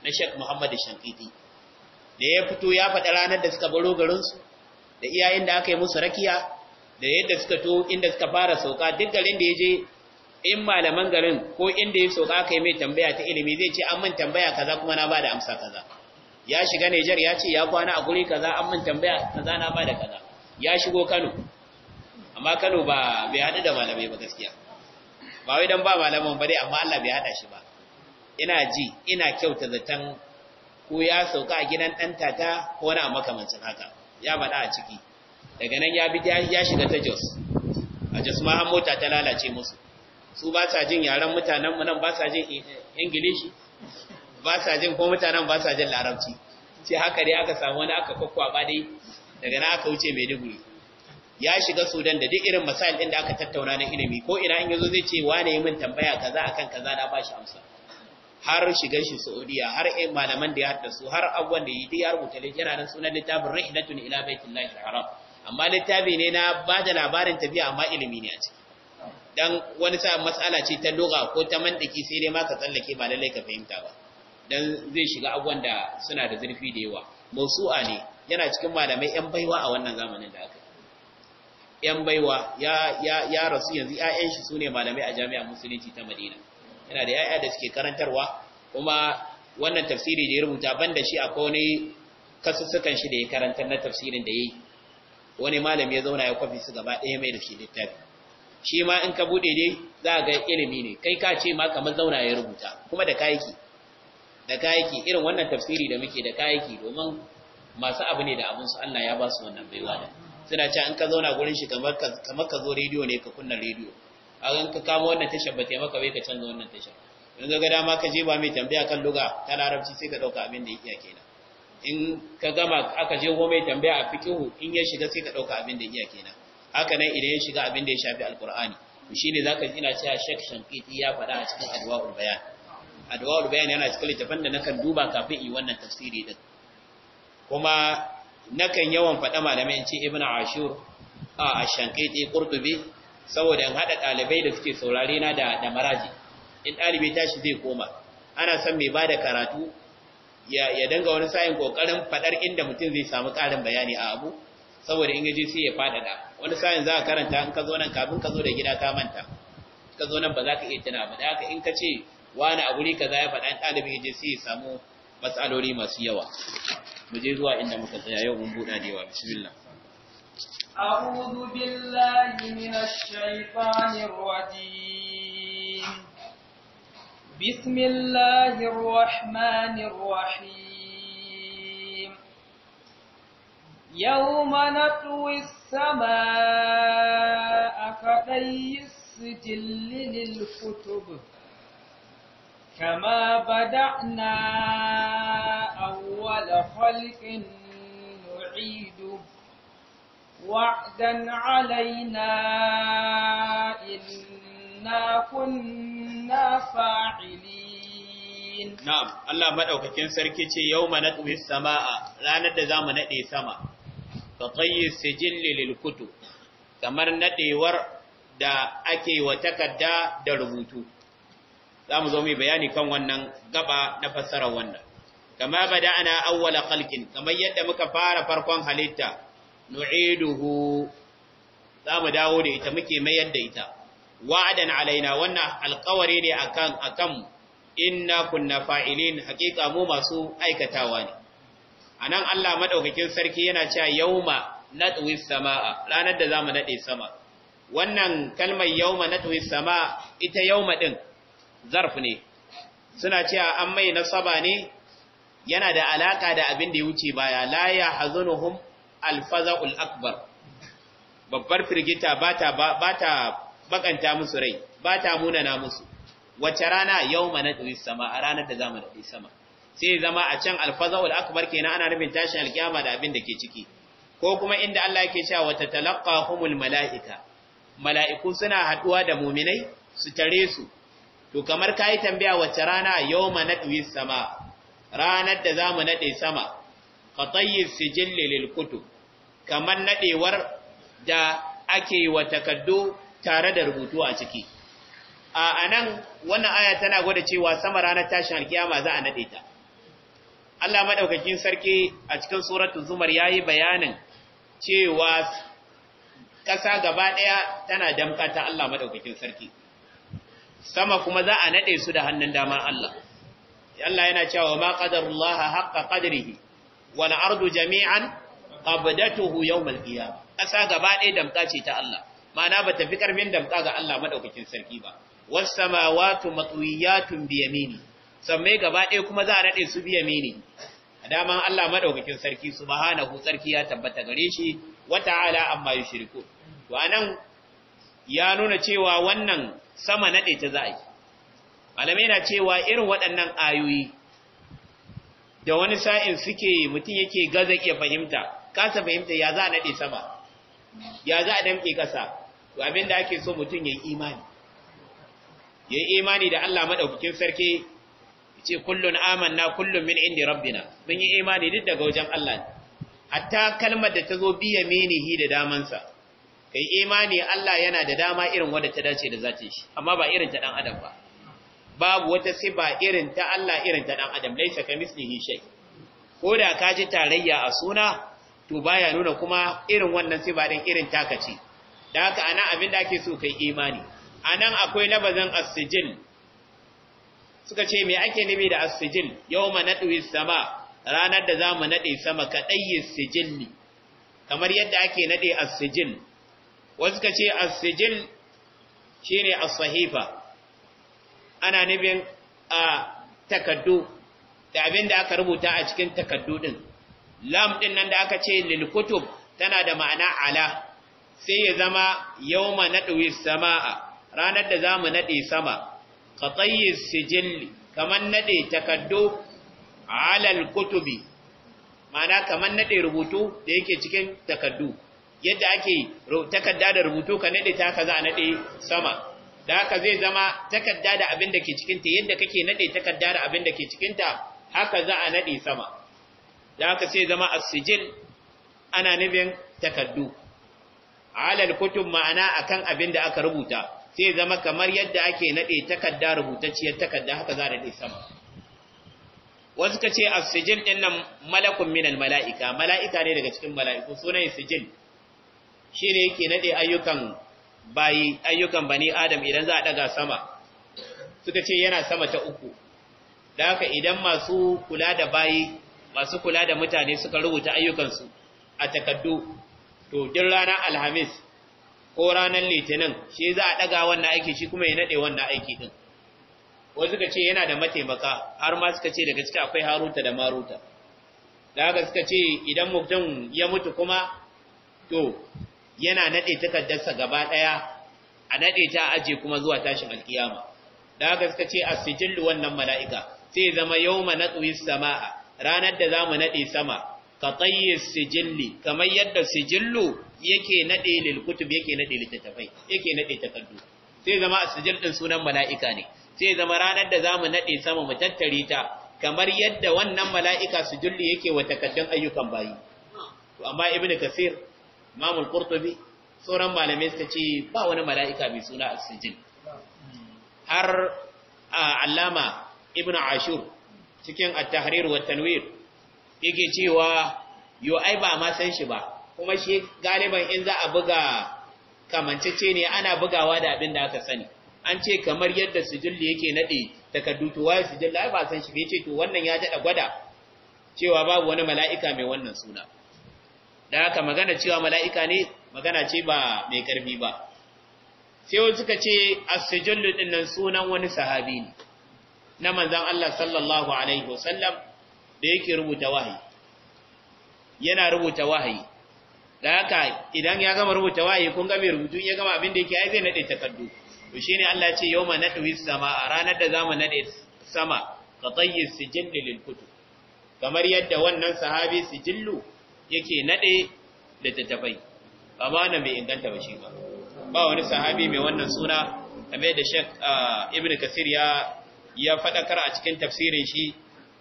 na shek muhammadu shankiti da ya fito ya faɗa ranar da suka baro garinsu da iyayen da aka yi musu rakiya da yadda suka to inda suka fara sauka duk garin da ya je in malaman garin ko inda ya sauka kai mai tambaya ta ilimi zai ce an min tambaya kaza kuma na bada amsa kaza ya shiga Niger ya ce ya kwana a guri kaza an min tambaya kaza na bada kaza ya shigo Kano amma Kano ba bai hadu da malamai ba gaskiya ba wai dan ba malaman ba dai amma Allah bai hada shi ba ina ji ina kyauta zaton ko ya sauka a gidan ɗan tata ko wani makamancin haka ya bada a ciki daga nan ya shiga ta Jos a Jos ma an mota ta lalace musu su ba sa jin yaran mutanen nan ba sa jin Ingilishi ba sa jin ko mutanen ba sa jin Larabci ce haka dai aka samu wani aka ba dai daga nan aka wuce mai duguri ya shiga Sudan da duk irin masail din da aka tattauna na ilimi ko ina in yazo zai ce wane yi min tambaya kaza akan kaza na ba shi amsa har shigar shi Saudiya har ɗan malaman da ya haddasu har abubuwan da yi ya rubuta littafin sunan littafin rihlatun ila Baitullahil Haram amma littafi ne na ba da labarin tafiya amma ilimi ne a ciki Don wani sa matsala ce ta doga ko ta mantaki sai dai ma ka tsallake ba lallai ka fahimta ba Don zai shiga abubuwan da suna da zurfi da yawa mausu'a ne yana cikin malamai yan baiwa a wannan zamanin da aka yan baiwa ya rasu yanzu 'ya'yan shi sune malamai a jami'ar musulunci ta Madina yana da 'ya'ya da suke karantarwa kuma wannan tafsiri da ya rubuta ban da shi akwai wani kasussukan shi da ya karantar na tafsirin da yayi wani malami ya zauna ya kwafi su gaba ɗaya mai da shi littafi shi ma in ka bude dai za a ga ilimi ne kai ka ce ma kamar zauna ya rubuta kuma da kayaki da kayaki irin wannan tafsiri da muke da kayaki domin masu abu ne da abin su Allah ya ba su wannan baiwa da suna cewa in ka zauna gurin shi kamar ka kamar ka zo rediyo ne ka kunna rediyo a in ka kama wannan tashar ba taimaka bai ka canza wannan tashar in ga dama ka je ba mai tambaya kan luga ta larabci sai ka ɗauka abin da yake kenan in ka gama aka je goma ya tambaya a fikihu in ya shiga sai ka ɗauka abin da iya kenan haka nan idan ya shiga abin da ya shafi alkur'ani shi ne za ka ji ina cewa shek shankiti ya faɗa a cikin adwa'ul bayan adwa'ul bayan yana cikin littafin da nakan duba kafin yi wannan tafsiri din kuma nakan yawan faɗa malamai ce ibnu ashur a shankiti qurtubi saboda in haɗa ɗalibai da suke saurare na da maraji in ɗalibi tashi zai koma ana son mai bada karatu ya danga wani sayin kokarin fadar inda mutum zai samu karin bayani a abu saboda in gaji sai ya fadada wani sayin za ka karanta in ka zo nan kafin ka zo da gida ka manta ka zo nan ba za ka iya tuna ba da haka in ka ce wani a guri za ya faɗa ɗalibin ya je sai ya samu matsaloli masu yawa mu je zuwa inda muka tsaya yau mun buɗa da yawa bismillah أعوذ بالله من الشيطان الرجيم بسم الله الرحمن الرحيم يوم نطوي السماء كطي السجل للكتب كما بدأنا أول خلق نعيده وعدا علينا إنا كنا كنا Na'am, Allah الله مدوكاكين Sarki ce yawma natwi samaa ranar da za mu naɗe sama ka ƙayyar sijin lil kamar naɗewar da ake wa takarda da rubutu Za mu zo mu bayani kan wannan gaba na fassara wannan kama ana awwala kalkin, kamar yadda muka fara farkon halitta nu'iduhu mu dawo da ita muke mayar da ita wa'adan alaina wannan alƙawari ne akan akan inna kunna fa'ilin haƙiƙa mu masu aikatawa ne anan Allah maɗaukakin sarki yana cewa yauma natwi samaa ranar da zamu nade sama wannan kalmar yauma natwi samaa ita yauma ɗin zarf ne suna cewa an mai nasaba ne yana da alaƙa da abin da ya wuce baya la ya hazunuhum alfaza'ul akbar babbar firgita bata bata bakanta musu rai ba ta munana musu wace rana mana nadri sama a ranar da zamu nadri sama sai zama a can alfazawul akbar kenan ana nufin tashin alkiyama da abin da ke ciki ko kuma inda Allah yake cewa wata humul malaika mala'iku suna haɗuwa da mu'minai su tare su to kamar kai tambaya wace rana mana nadwi sama ranar da zamu naɗe sama qatayyi su lil kutub kamar naɗewar da ake wa takardu. tare da rubutu a ciki a anan wannan aya tana gwada cewa sama ranar tashin alkiyama za a nade ta Allah madaukakin sarki a cikin suratul zumar yayi bayanin cewa ƙasa gaba ɗaya tana damka ta Allah madaukakin sarki sama kuma za a nade su da hannun dama Allah Allah yana cewa ma qadarullaha haqqa qadrihi wal ardu jami'an qabdatuhu yawm qiyamah ƙasa gaba ɗaya damka ce ta Allah ma'ana ba fi karfin damta ga Allah madaukakin sarki ba was samawati matwiyatun bi yamini samme gaba ɗaya kuma za a rade su biya mini. A daman Allah madaukakin sarki su subhanahu sarki ya tabbata gare shi wa ta'ala amma yushriku to anan ya nuna cewa wannan sama nade ta za'i malamai na cewa irin waɗannan ayoyi da wani sa'in suke mutum yake gaza ke fahimta kasa fahimta ya za a nade sama ya za a damke ƙasa? to abin da ake so mutum ya yi imani ya yi imani da Allah maɗaukakin sarki ce kullun amanna kullum min indi rabbina mun yi imani duk daga wajen Allah hatta kalmar da ta zo biya yaminihi da damansa kai imani Allah yana da dama irin wanda ta dace da zace shi amma ba irin ta dan adam ba babu wata ba irin ta Allah irin ta dan adam laisa shai. shay da ka ji tarayya a suna to baya nuna kuma irin wannan ba dan irin taka ce da haka ana abin da ake so kai imani anan akwai labazin asijin suka ce me ake nufi da asijin, sijil yawma nadwi sama ranar da zamu naɗe sama ka sijin ni? kamar yadda ake nade asijin wasu suka ce asijin shi shine as-sahifa ana nufin a takaddu da abin da aka rubuta a cikin takaddu ɗin. lam din nan da aka ce lil tana da ma'ana ala sai ya zama yawma nadwi samaa ranar da za mu naɗe sama ka qatayyi sijilli kamar naɗe takaddo a halal kutubi ma'ana kamar naɗe rubutu da yake cikin takaddu yadda ake takadda da rubutu ka naɗe ta a naɗe sama da haka zai zama takadda da abin da ke cikinta yadda kake naɗe takadda da abin da ke cikinta haka za a naɗe sama da haka sai zama a sijil ana nufin takaddu alal kutub ma'ana akan abin da aka rubuta sai zama kamar yadda ake nade takarda rubutacciyar takarda haka za da dai sama wasu ka ce as-sijil din nan malakun minal mala'ika mala'ika ne daga cikin mala'iku sunan sijil ne yake nade ayyukan bayi ayyukan bani adam idan za a daga sama suka ce yana sama ta uku da haka idan masu kula da bayi masu kula da mutane suka rubuta ayyukansu a takaddu to ranar alhamis ko ranar litinin shi za a daga wannan aiki shi kuma ya nade wannan aiki din wasu suka ce yana da mataimaka har ma suka ce daga ciki akwai haruta da maruta da haka suka ce idan mutum ya mutu kuma to yana nade takardarsa gaba daya a nade ta aje kuma zuwa tashin alkiyama da haka suka ce asijillu wannan mala'ika sai zama yawma natsuwis samaa ranar da za mu nade sama ka tayyi sijilli kamar yadda sijillu yake nade lil yake naɗe littattafai yake nade takaddu sai zama sijil din sunan mala'ika ne sai zama ranar da zamu naɗe sama mu tattari ta kamar yadda wannan mala'ika sijilli yake wa takaddun ayyukan bayi to amma ibnu kasir imam al-qurtubi sauran malamai suka ce ba wani mala'ika mai suna sijil har a allama ibn ashur cikin at-tahrir wa tanwir yake cewa yo ai ba ma san shi ba kuma shi galiban in za a buga kamancece ne ana bugawa da abin da aka sani an ce kamar yadda sujulli yake nade takardu to waye sijilli ai ba san shi bai ce to wannan ya dada gwada cewa babu wani mala'ika mai wannan suna da haka magana cewa mala'ika ne magana ce ba mai karfi ba sai wani suka ce as-sijillu dinnan sunan wani sahabi ne na manzon Allah sallallahu alaihi wasallam da yake rubuta wahayi yana rubuta wahayi da haka idan ya gama rubuta wahayi kun ga mai rubutu ya gama abin da yake ai zai nade takaddu to shine Allah ya ce yawma nadwi sama a ranar da zamu nade sama ka tayyis sijil lil kutub kamar yadda wannan sahabi sijillu yake nade da tattafai amma nan mai inganta ba shi ba ba wani sahabi mai wannan suna kamar da Sheikh ah, Ibn Kasir ya ya fadakar a cikin tafsirin shi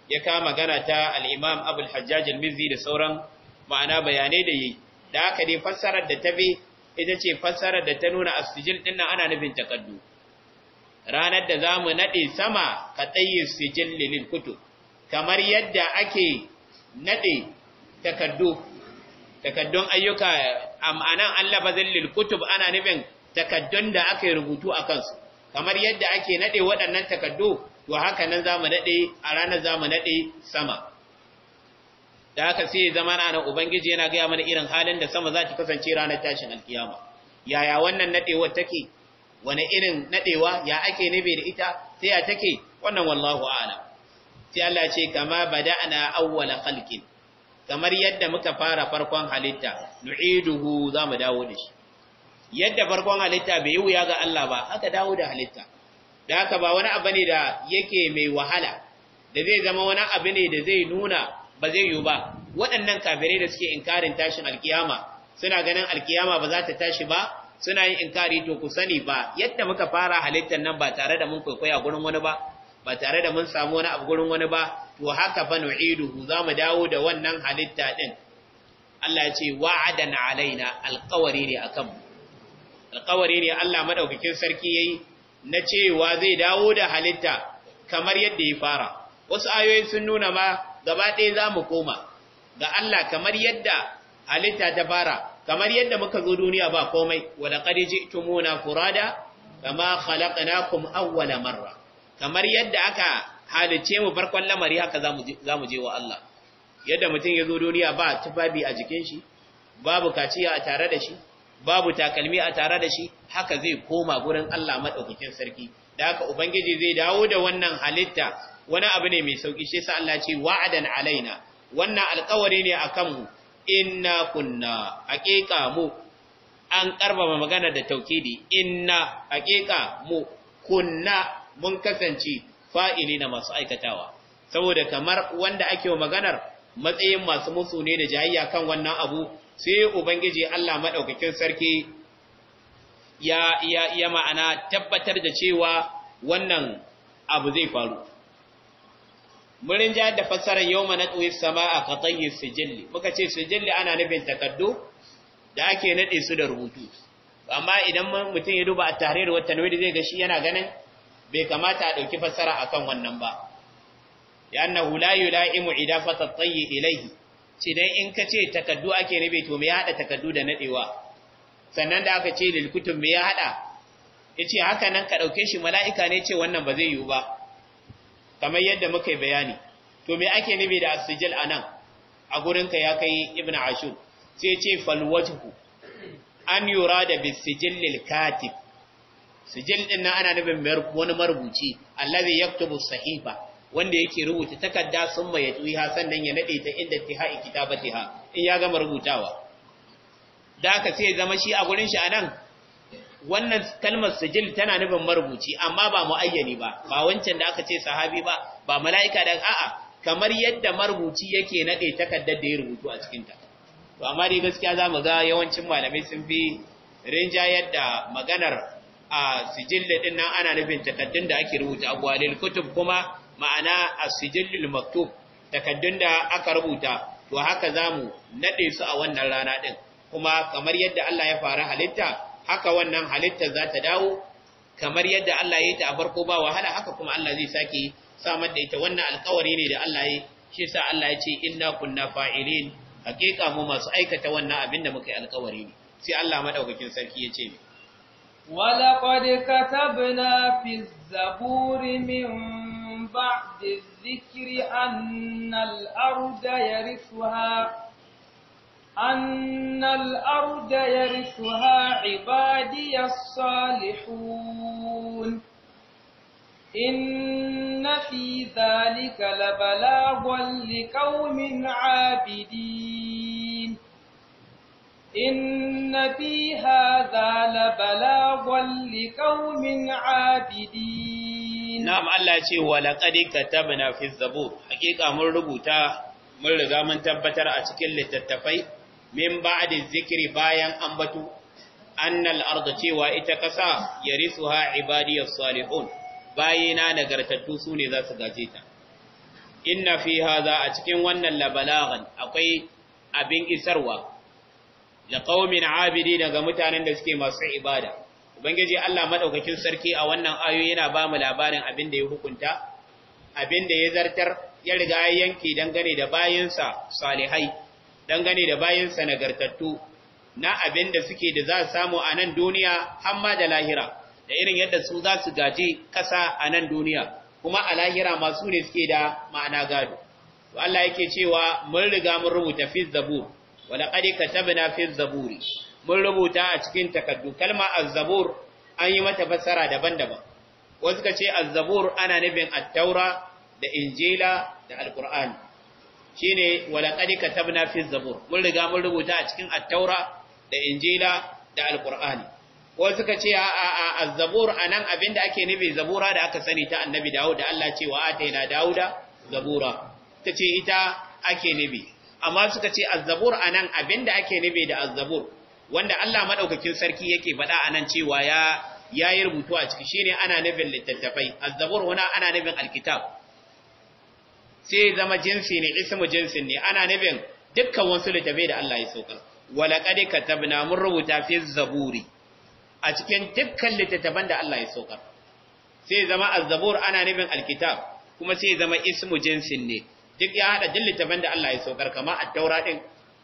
ya kama magana ta al-Imam hajjajin mizi da sauran ma'ana bayanai da yi da haka dai fassarar da ta bi ita ce fassarar da ta nuna a sijil ɗinnan nan ana nufin takaddu ranar da za mu naɗe sama ka tsaye sijil lilin kutu, kamar yadda ake nade takaddu takaddun ayyuka a ma'anan Allah bazil lil kutub ana nufin takaddun da aka rubutu a kansu, kamar yadda ake naɗe waɗannan takardu. to haka nan za mu naɗe a ranar za mu naɗe sama da haka sai zama na ubangiji yana gaya mana irin halin da sama za ta kasance ranar tashin alkiyama yaya wannan nadewar take wani irin naɗewa ya ake nabe da ita sai ya take wannan wallahu a'lam sai Allah ce kama bada'na awwala khalqin kamar yadda muka fara farkon halitta nu'iduhu mu dawo da shi yadda farkon halitta bai yi wuya ga Allah ba haka dawo da halitta da haka ba wani abu ne da yake mai wahala da zai zama wani abu ne da zai nuna ba zai yiwu ba waɗannan kafirai da suke inkarin tashin alkiyama suna ganin alkiyama ba za ta tashi ba suna yin inkari to ku sani ba yadda muka fara halittar nan ba tare da mun kwaikwaya gurin wani ba ba tare da mun samu wani abu gurin wani ba to haka fa nu'iduhu za mu dawo da wannan halitta din Allah ya ce wa'adan alaina alqawari ne akan alqawari ne Allah madaukakin sarki yayi na cewa zai dawo da halitta kamar yadda ya fara wasu ayoyi sun nuna ma gaba ɗaya za mu koma ga Allah kamar yadda halitta ta fara kamar yadda muka zo duniya ba komai wala qad ji'tumuna furada kama khalaqnakum awwala marra kamar yadda aka halice mu farkon lamari haka zamu je wa Allah yadda mutum ya zo duniya ba tufafi a jikin shi babu kaciya a tare da shi babu takalmi a tare da shi haka zai koma gurin Allah madaukakin sarki da haka ubangiji zai dawo da wannan halitta wani abu ne mai sauki shi yasa Allah ce wa'adan alaina wannan alƙawari ne akan mu inna kunna haƙiƙa mu an karbama magana da tauhidi inna haƙiƙa mu kunna mun kasance fa'ili na masu aikatawa saboda kamar wanda ake maganar matsayin masu musu ne da jayayya kan wannan abu sai ubangiji Allah madaukakin sarki ya ya ya ma'ana tabbatar da cewa wannan abu zai faru murin ja da fassarar yawma na tsoyi sama a sijilli muka ce sijilli ana nufin takardu da ake naɗe su da rubutu amma idan mutum ya duba a tahrir wa tanwid zai ga shi yana ganin bai kamata a ɗauki fassara akan wannan ba ya annahu la yulaimu idafata tayyi ilayhi ce dan in kace takaddu ake nufi to me ya hada takaddu da naɗewa? sannan da aka ce lil kutub me ya hada yace haka nan ka ɗauke shi mala'ika ne ce wannan ba zai yiwu ba kamar yadda muka yi bayani to me ake nabi da asijil anan a gurin ka ya kai Ibn ashur sai ce fal wajhu an yurada bis sijil lil katib sijil din nan ana nufin wani marubuci allazi yaktubu sahifa wanda yake rubuta takarda sun mai tuha sannan ya nade ta inda tihai kitabatiha in ya gama rubutawa da aka sai zama shi a gurin shi anan wannan kalmar sijil tana nufin marubuci amma ba muayyani ba ba wancan da aka ce sahabi ba ba mala'ika dan a'a kamar yadda marubuci yake nade takaddar da ya rubutu a cikin ta to amma dai gaskiya zamu ga yawancin malamai sun fi rinja yadda maganar a sijil din nan ana nufin takaddun da ake rubuta A gwalil kutub kuma ma'ana as sijilul maktub takaddun da aka rubuta to haka zamu nade su a wannan rana din kuma kamar yadda Allah ya fara halitta haka wannan halitta za ta dawo kamar yadda Allah ya yi ta a farko ba wahala haka kuma Allah zai sake samar da ita wannan alkawari ne da Allah ya shi sa Allah ya ce inna kunna fa'ilin hakika mu masu aikata wannan abin da muka yi alkawari ne sai Allah madaukakin sarki ya ce ولقد كتبنا في الزبور من بعد الذكر أن الأرض يرثها أن الأرض يرثها عبادي الصالحون إن في ذلك لبلاغا لقوم عابدين إن في هذا لبلاغا لقوم عابدين نعم الله يقول ولقد كتبنا في الزبور حقيقة من ربوتا من رغم تبتر أشكل للتتفيد min ba'da zikiri bayan ambatu annal arda cewa ita kasa yarisuha ibadiyas salihun bayina nagartattu sune za su gaje ta inna fi hadha a cikin wannan labalagan akwai abin isarwa da qaumin abidi daga mutanen da suke masu ibada ubangiji Allah maɗaukakin sarki a wannan ayoyi yana ba mu labarin abin da ya hukunta abin da ya zartar ya riga ya yanke dangane da bayansa salihai dangane da bayan nagartattu na abin da suke da za samu a nan duniya ma da lahira da irin yadda su za su gaji ƙasa a nan duniya kuma a lahira masu ne suke da ma'ana gado Allah yake cewa mun riga mun rubuta fi zabur wa laqad katabna fi zaburi mun rubuta a cikin takaddu kalma az-zabur an yi mata fassara daban-daban wasu ka ce az-zabur ana nufin at-taura da injila da al-qur'ani shine walaqad tabna fi zabur mun riga mun rubuta a cikin at da injila da Alƙur'ani, ko suka ce a a az-zabur anan abinda ake nufi zabura da aka sani ta annabi Dawud da Allah ce wa ataina Dawuda zabura tace ita ake nufi amma suka ce az-zabur anan abinda ake nufi da az-zabur wanda Allah madaukakin sarki yake faɗa anan cewa ya yi rubutu a ciki shine ana nufin littattafai az-zabur wana ana nufin alkitab sai zama jinsi ne ismu jinsin ne ana nufin dukkan wasu littafai da Allah ya saukar wala qad katabna mun rubuta fi zaburi a cikin dukkan littattafan da Allah ya saukar sai zama az-zabur ana nufin alkitab kuma sai zama ismu jinsin ne duk ya hada dukkan littattafan da Allah ya saukar kamar at-taura din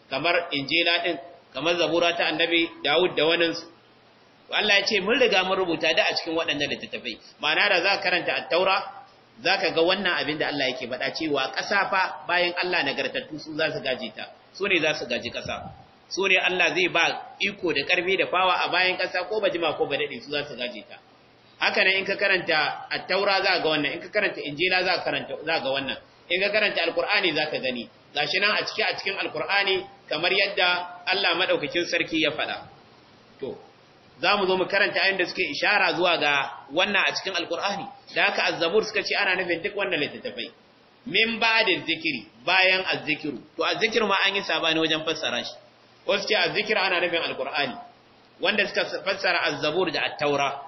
kamar injila din kamar zabura ta annabi Dawud da waninsu. Allah ya ce mun riga mun rubuta da a cikin waɗannan littattafai ma'ana da za ka karanta at-taura za ka ga wannan abin da Allah yake faɗa cewa ƙasa fa bayan Allah nagartattu su za su gaji ta su ne za su gaji ƙasa su ne Allah zai ba iko da ƙarfi da fawa a bayan ƙasa ko bajima ko daɗe su za su gaji ta haka nan in ka karanta attaura za ga wannan in ka karanta injila za karanta za ga wannan in ka karanta alqur'ani za ka gani gashi nan a cikin a cikin alqur'ani kamar yadda Allah madaukakin sarki ya faɗa za mu zo mu karanta ayin da suke ishara zuwa ga wannan a cikin alkur'ani da haka azzabur suka ce ana nufin duk wannan littattafai min ba da zikiri bayan azzikiru to azzikir ma an yi sabani wajen fassara shi wasu ce azzikir ana nufin alkur'ani wanda suka fassara azzabur da attaura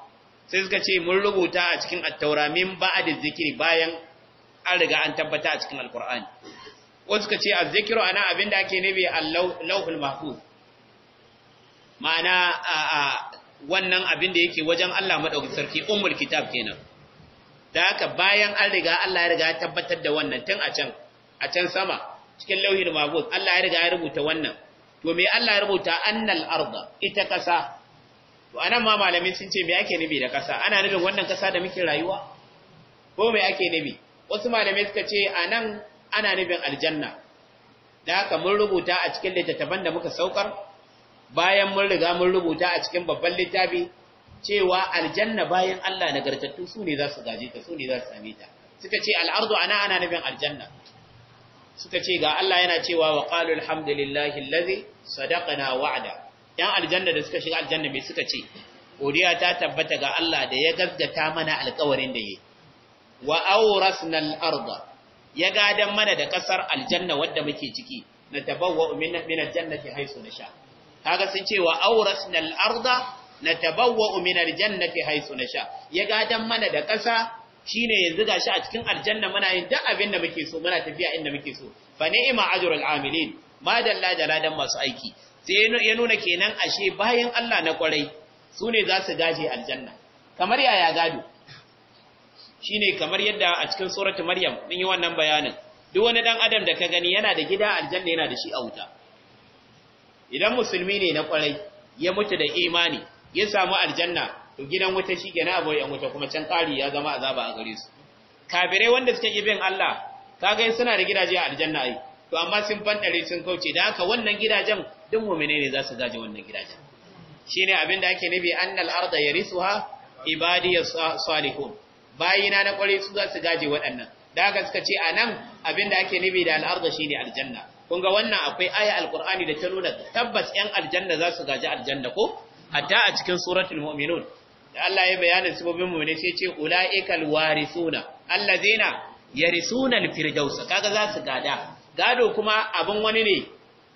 sai suka ce mun rubuta a cikin attaura min ba da zikiri bayan an riga an tabbata a cikin alkur'ani wasu suka ce azzikiru ana abin da ake nufi a lauhul mahfuz ma'ana wannan abin da yake wajen Allah madaukakin sarki ummul kitab kenan da haka bayan an riga Allah ya riga ya tabbatar da wannan tun a can a can sama cikin lauhil mahfuz Allah ya riga ya rubuta wannan to me Allah ya rubuta annal arda ita kasa to anan ma malamin sun ce me ake nubi da kasa ana nubin wannan kasa da muke rayuwa ko me ake nubi wasu malamai suka ce anan ana nubin aljanna da haka mun rubuta a cikin littattafan da muka saukar bayan mun riga mun rubuta a cikin babban littafi cewa aljanna bayan Allah nagartattu su ne za su gaje ta su ne za su same ta suka ce al'ardu ana ana nufin aljanna suka ce ga Allah yana cewa wa qalu alhamdulillahi allazi sadaqana wa'da yan aljanna da suka shiga aljanna me suka ce godiya ta tabbata ga Allah da ya gaskata mana alƙawarin da yi wa awrasna al ya gadan mana da kasar aljanna wadda muke ciki na tabawwa min min aljannati haythu nasha kaga sun ce wa awrasna al-arda natabawwa'u min al-jannati haythu nasha ya gadan mana da ƙasa shine yanzu gashi a cikin aljanna muna yin duk abin da muke so muna tafiya inda muke so fa ni'ma ajrul amilin madalla da ladan masu aiki sai ya nuna kenan ashe bayan Allah na kwarai su ne za su gaje aljanna kamar yaya gado shine kamar yadda a cikin suratu maryam mun yi wannan bayanin duk wani dan adam da ka gani yana da gida aljanna yana da shi a wuta idan musulmi ne na kwarai ya mutu da imani ya samu aljanna to gidan wuta shi shikenan abu yan wuta kuma can kari ya zama azaba a gare su kafirai wanda suke bin Allah kaga suna da gidaje a aljanna ai to amma sun fandare sun kauce da haka wannan gidajen duk mu'mine ne za su gaje wannan gidajen shine abin da ake nabi annal arda yarisuha ibadi salihun bayina na kwarai su za su gaje waɗannan da haka suka ce anan abin da ake nabi da al'arda shine aljanna kun ga wannan akwai aya alqur'ani da ta nuna tabbas yan aljanna za su gaji aljanna ko hatta a cikin suratul mu'minun da Allah ya bayanin sibobin mu'mini sai ce ulaiikal warisuna allazina yarisuna alfirdaus kaga za su gada gado kuma abin wani ne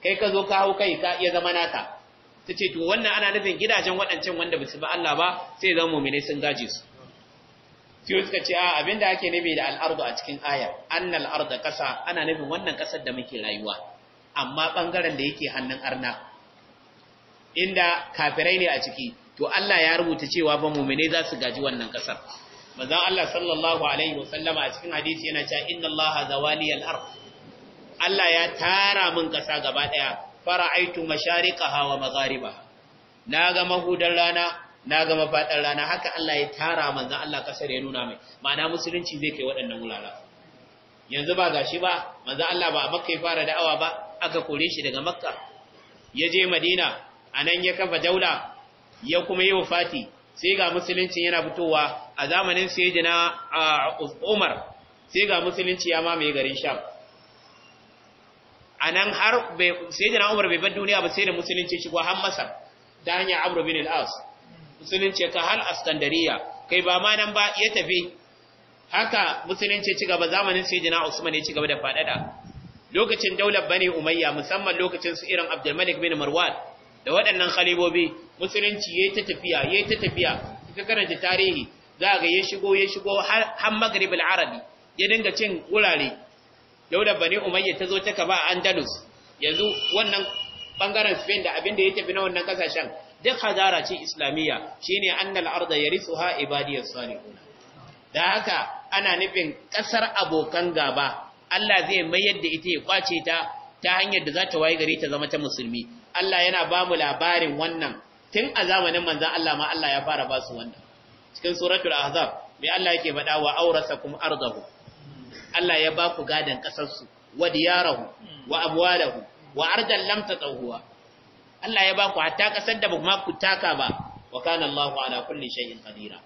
kai ka zo ka hau kai ka iya zama naka ta to wannan ana nufin gidajen waɗancan wanda ba su ba Allah ba sai zama muminai sun gaji su sai suka ce a abin da ake nufi da al'ardu a cikin ayar annal arda kasa ana nufin wannan ƙasar da muke rayuwa amma bangaren da yake hannun arna inda kafirai ne a ciki to Allah ya rubuta cewa ba mu'mine za su gaji wannan kasar manzon Allah sallallahu alaihi wasallama a cikin hadisi yana cewa inna Allah zawali al Allah ya tara min kasa gaba daya fara'aitu hawa mazariba Na ga mahudan rana na ga mafaɗar rana haka Allah ya tara manzan Allah kasar ya nuna mai ma'ana musulunci zai kai waɗannan wulala. yanzu ba gashi ba manzan Allah ba a makka ya fara da'awa ba aka kore shi daga makka ya je madina a nan ya kafa daula ya kuma yi wafati sai ga musulunci yana fitowa a zamanin sayyidina Umar sai ga musulunci ya mamaye garin Sham anan har sayyidina Umar bai bar duniya ba sai da musulunci shigo har Masar ta hanyar abu bin al-As musulunci ka hal askandariya kai ba ma nan ba ya tafi haka musulunci ci gaba zamanin jina usman ya ci gaba da fadada lokacin daular bani umayya musamman lokacin su irin abdulmalik bin marwan da waɗannan khalibobi musulunci yayi ta tafiya yayi ta tafiya ka karanta tarihi za ga ya shigo ya shigo har maghrib arabi ya dinga cin wurare daular bani umayya ta zo ta kaba andalus yanzu wannan bangaren spain da abinda ya tafi na wannan kasashen duk hadara ce islamiyya shine annal arda yarithuha ibadiyas salihun da haka ana nufin kasar abokan gaba Allah zai mayar da ita ya kwace ta ta hanyar da za ta waye gari ta zama ta musulmi Allah yana ba mu labarin wannan tun a zamanin manzon Allah ma Allah ya fara ba su wannan cikin suratul ahzab mai Allah yake faɗa wa aurasakum ardahu Allah ya ba ku gadan kasar su wa diyarahu wa abwalahu wa ardan lam tatawwa Allah ya baku hatta kasar da ba ku taka ba wa Allah Allahu ala kulli shay'in qadira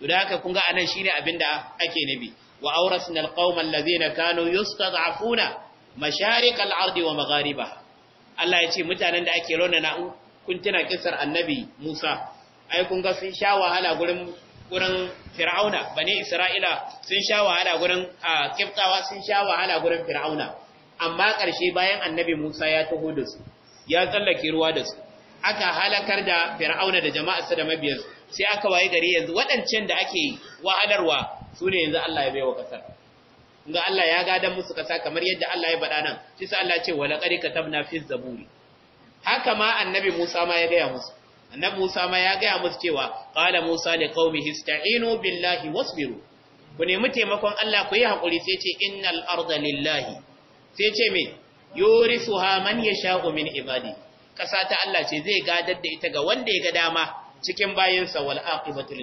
to da haka kun ga anan abinda ake nabi wa awrasna alqauma alladhina kanu yustad'afuna masharik al-ardi wa magharibaha Allah ya ce mutanen da ake raunana kun tuna kisar annabi Musa ai kun ga sun sha wahala gurin gurin Fir'auna bane Isra'ila sun sha wahala gurin Kiftawa sun sha wahala gurin Fir'auna amma ƙarshe bayan annabi Musa ya taho da su ya tsallake ruwa da su aka halakar da fir'auna da jama'arsa da mabiyansu sai aka waye gari yanzu waɗancan da ake wahalarwa su ne yanzu Allah ya bai wa ƙasar ga Allah ya gadan musu ƙasa kamar yadda Allah ya faɗa nan shi sa Allah ce wala qad katabna fi zaburi haka ma annabi Musa ma ya gaya musu annabi Musa ma ya gaya musu cewa qala Musa li qaumihi ista'inu billahi wasbiru ku nemi taimakon Allah ku yi hakuri sai ce innal arda lillahi sai ce me yurisuha man yasha'u min ibadi Ƙasa ta Allah ce zai gadar da ita ga wanda ya ga dama cikin bayinsa wal aqibatu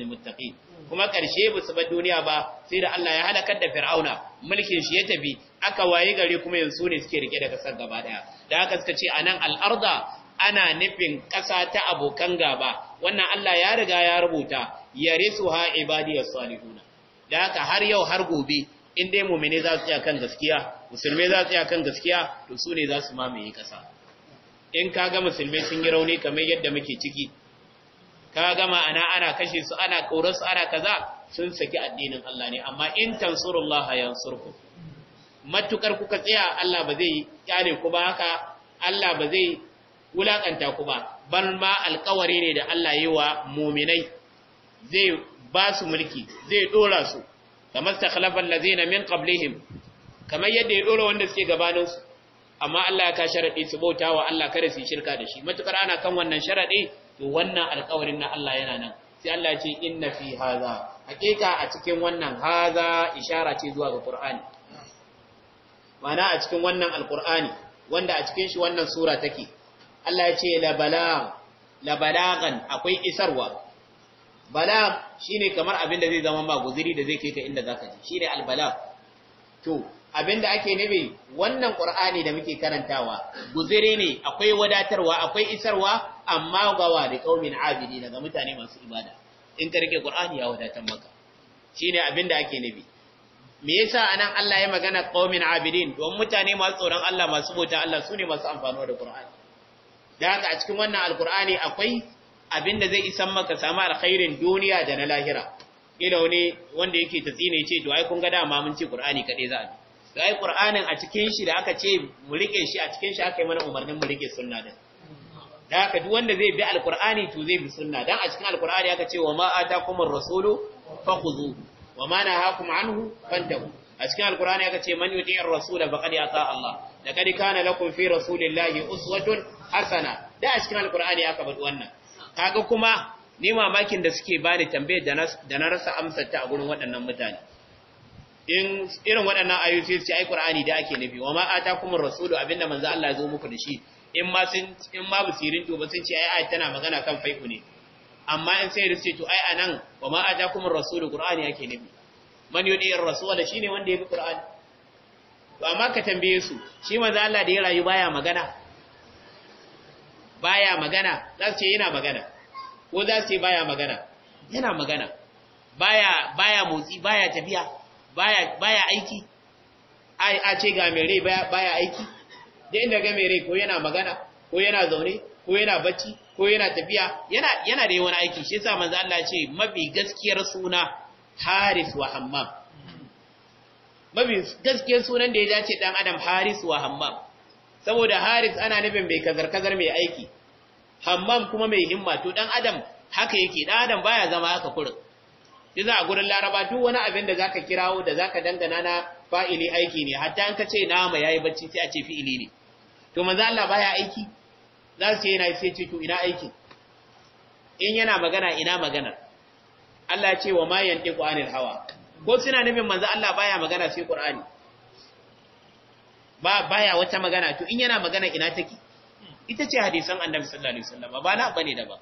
kuma ƙarshe ba su bar duniya ba sai da Allah ya halakar da Fir'auna mulkin shi ya tafi aka wayi gari kuma yanzu ne suke rike da ƙasar gaba ɗaya. da haka suka ce anan nan arda ana nufin ƙasa ta abokan gaba wannan Allah ya riga ya rubuta yarisuha ibadiyas salihuna da haka har yau har gobe in dai mu'mini za su iya kan gaskiya musulmai za su yi kan gaskiya to su ne za su mamaye ƙasa in ka ga musulmai sun yi rauni kamar yadda muke ciki ka ga ma'ana ana kashe su ana korar su ana kaza sun saki addinin Allah ne amma in tansurullah yansurkum matukar kuka tsaya Allah ba zai kyale ku ba haka Allah ba zai wulakanta ku ba ban ma alƙawari ne da Allah yi wa muminai zai ba su mulki zai dora su kamar takhlafal ladzina min qablihim kamar yadda ya dora wanda suke gabaninsu amma Allah ya ka sharaɗi su bauta wa Allah kada su yi shirka da shi matukar ana kan wannan sharaɗi to wannan alƙawarin na Allah yana nan sai Allah ce inna fi haza hakika a cikin wannan haza ishara ce zuwa ga Qur'ani mana a cikin wannan alƙur'ani wanda a cikin shi wannan sura take Allah ya ce la bala la balagan akwai isarwa bala shine kamar abin da zai zama ba guziri da zai kai ka inda zaka je shine albalag to abinda ake nufi wannan qur'ani da muke karantawa guziri ne akwai wadatarwa akwai isarwa amma gawa da kaumin abidi daga mutane masu ibada in ka rike qur'ani ya wadatar maka shine abinda ake nufi me yasa anan Allah ya magana kaumin abidin don mutane masu tsoron Allah masu bauta Allah sune masu amfano da qur'ani da haka a cikin wannan alqur'ani akwai abinda zai isan maka samu alkhairin duniya da na lahira Ilau ne wanda yake tatsine ce to ai kun ga dama mun ce qur'ani kade za a sai Qur'anin a cikin shi da aka ce mu rike shi a cikin shi aka yi mana umarnin mu rike sunna da haka duk wanda zai bi alqur'ani to zai bi sunna dan a cikin alqur'ani aka ce wa ma atakumur rasulu fakhuzuhu wa ma nahakum anhu fandahu a cikin alqur'ani aka ce man yuti'ir rasula faqad ata Allah kadi kana lakum fi rasulillahi uswatun hasana da a cikin alqur'ani aka bada wannan kaga kuma ni mamakin da suke bani tambayar da na rasa amsar ta a gurin waɗannan mutane in irin waɗannan ayoyi sai su ce ai Qur'ani da ake nufi wa ma kuma rasulu abinda manzo Allah ya zo muku da shi in ma sun in ma sirin to ba sun ce ai ayat tana magana kan faiku ne amma in sai su to ai anan wa ma kuma rasulu Qur'ani ake nufi man yudi ar-rasula shine wanda yafi Qur'ani to amma ka tambaye su shi manzo Allah da ya rayu baya magana baya magana za su ce yana magana ko za su ce baya magana yana magana baya baya motsi baya tafiya baya aiki a ce ga mai rai baya aiki da inda ga mai rai ko yana magana ko yana zaune ko yana bacci ko yana tafiya yana yana da yawan aiki shi yasa manzo Allah ce mabi gaskiyar suna Haris wa Hammam mabi gaskiyar sunan da ya dace dan Adam Haris wa Hammam saboda Haris ana nufin mai kazar-kazar mai aiki Hammam kuma mai himma to dan Adam haka yake dan Adam baya zama haka kurin shi za a gurin laraba duk wani abin da zaka kirawo da zaka dangana na fa'ili aiki ne hatta an ka ce nama yi bacci sai a ce fi'ili ne to manzo Allah baya aiki za su ce yana sai ce to ina aiki in yana magana ina magana Allah ce wa mayan ɗin ƙwanin hawa ko suna nufin manzo Allah baya magana sai ƙur'ani? ba ya wata magana to in yana magana ina take ita ce hadisan Annabi sallallahu alaihi wasallam ba na bane da ba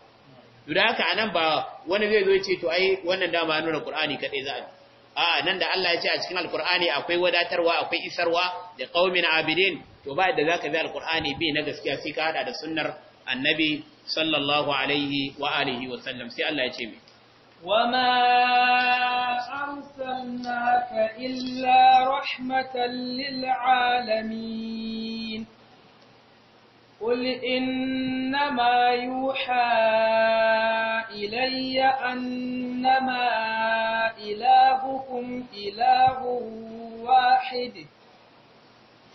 duda haka anan ba wani zai zo ce to ai wannan dama nuna Qur'ani kadai za a a nan da Allah ya ce a cikin alkur'ani akwai wadatarwa akwai isarwa da ƙaumin abidin to ba yadda zaka al alkur'ani bi na gaskiya sai ka haɗa da sunnar annabi sallallahu alaihi wa alihi wa sallam sai Allah ya ce mi wama arsalnaka illa rahmatan lil قل إنما يوحى إلي أنما إلهكم إله واحد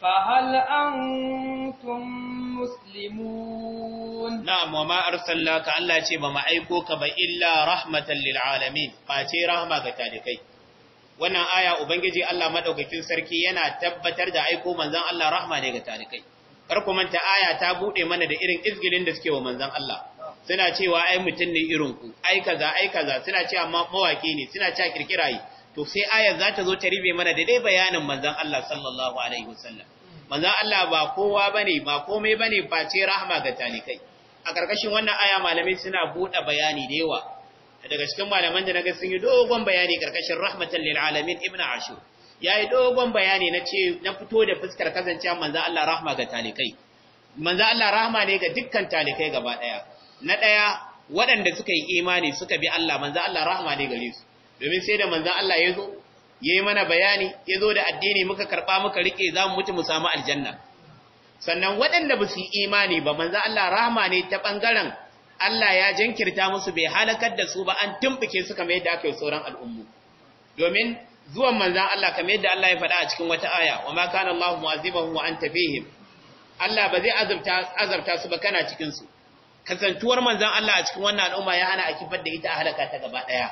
فهل أنتم مسلمون نعم وما أرسلناك ألا تيب ما أيكوك إلا رحمة للعالمين فأتي رحمة كتالكي wannan aya ubangiji Allah madaukakin sarki yana tabbatar da aiko manzon Allah rahma ne ga talikai kar manta aya ta bude mana da irin izgilin da suke wa manzon Allah suna cewa ai mutun ne irin ku ai kaza ai kaza suna cewa mawaki ne suna cewa kirkira yi to sai aya za ta zo ta ribe mana da dai bayanin manzon Allah sallallahu alaihi wasallam manzon Allah ba kowa bane ba komai bane face rahma ga talikai a karkashin wannan aya malamai suna bude bayani da yawa daga cikin malaman da naga sun yi dogon bayani karkashin rahmatan lil alamin ibnu ashur yayi dogon bayani na ce na fito da fuskar kasancewa manzan Allah rahma ga talikai Manzan Allah rahama ne ga dukkan talikai gaba ɗaya. na ɗaya waɗanda suka yi imani suka bi Allah manzan Allah rahama ne gare su domin sai da manzan Allah ya zo yi mana bayani ya zo da addini muka karɓa muka riƙe za mu mutu mu samu aljanna sannan waɗanda ba su yi imani ba manzan Allah rahama ne ta ɓangaren Allah ya jinkirta musu bai halakar da su ba an tumbuke suka mai da aka yi sauran al'ummu domin zuwan manzan Allah kamar yadda Allah ya faɗa a cikin wata aya wa ma kana Allahu mu'azibahum wa anta fihim Allah ba zai azabta azabta su ba kana cikin su kasantuwar manzan Allah a cikin wannan al'umma ya hana a kifar da ita a halaka ta gaba daya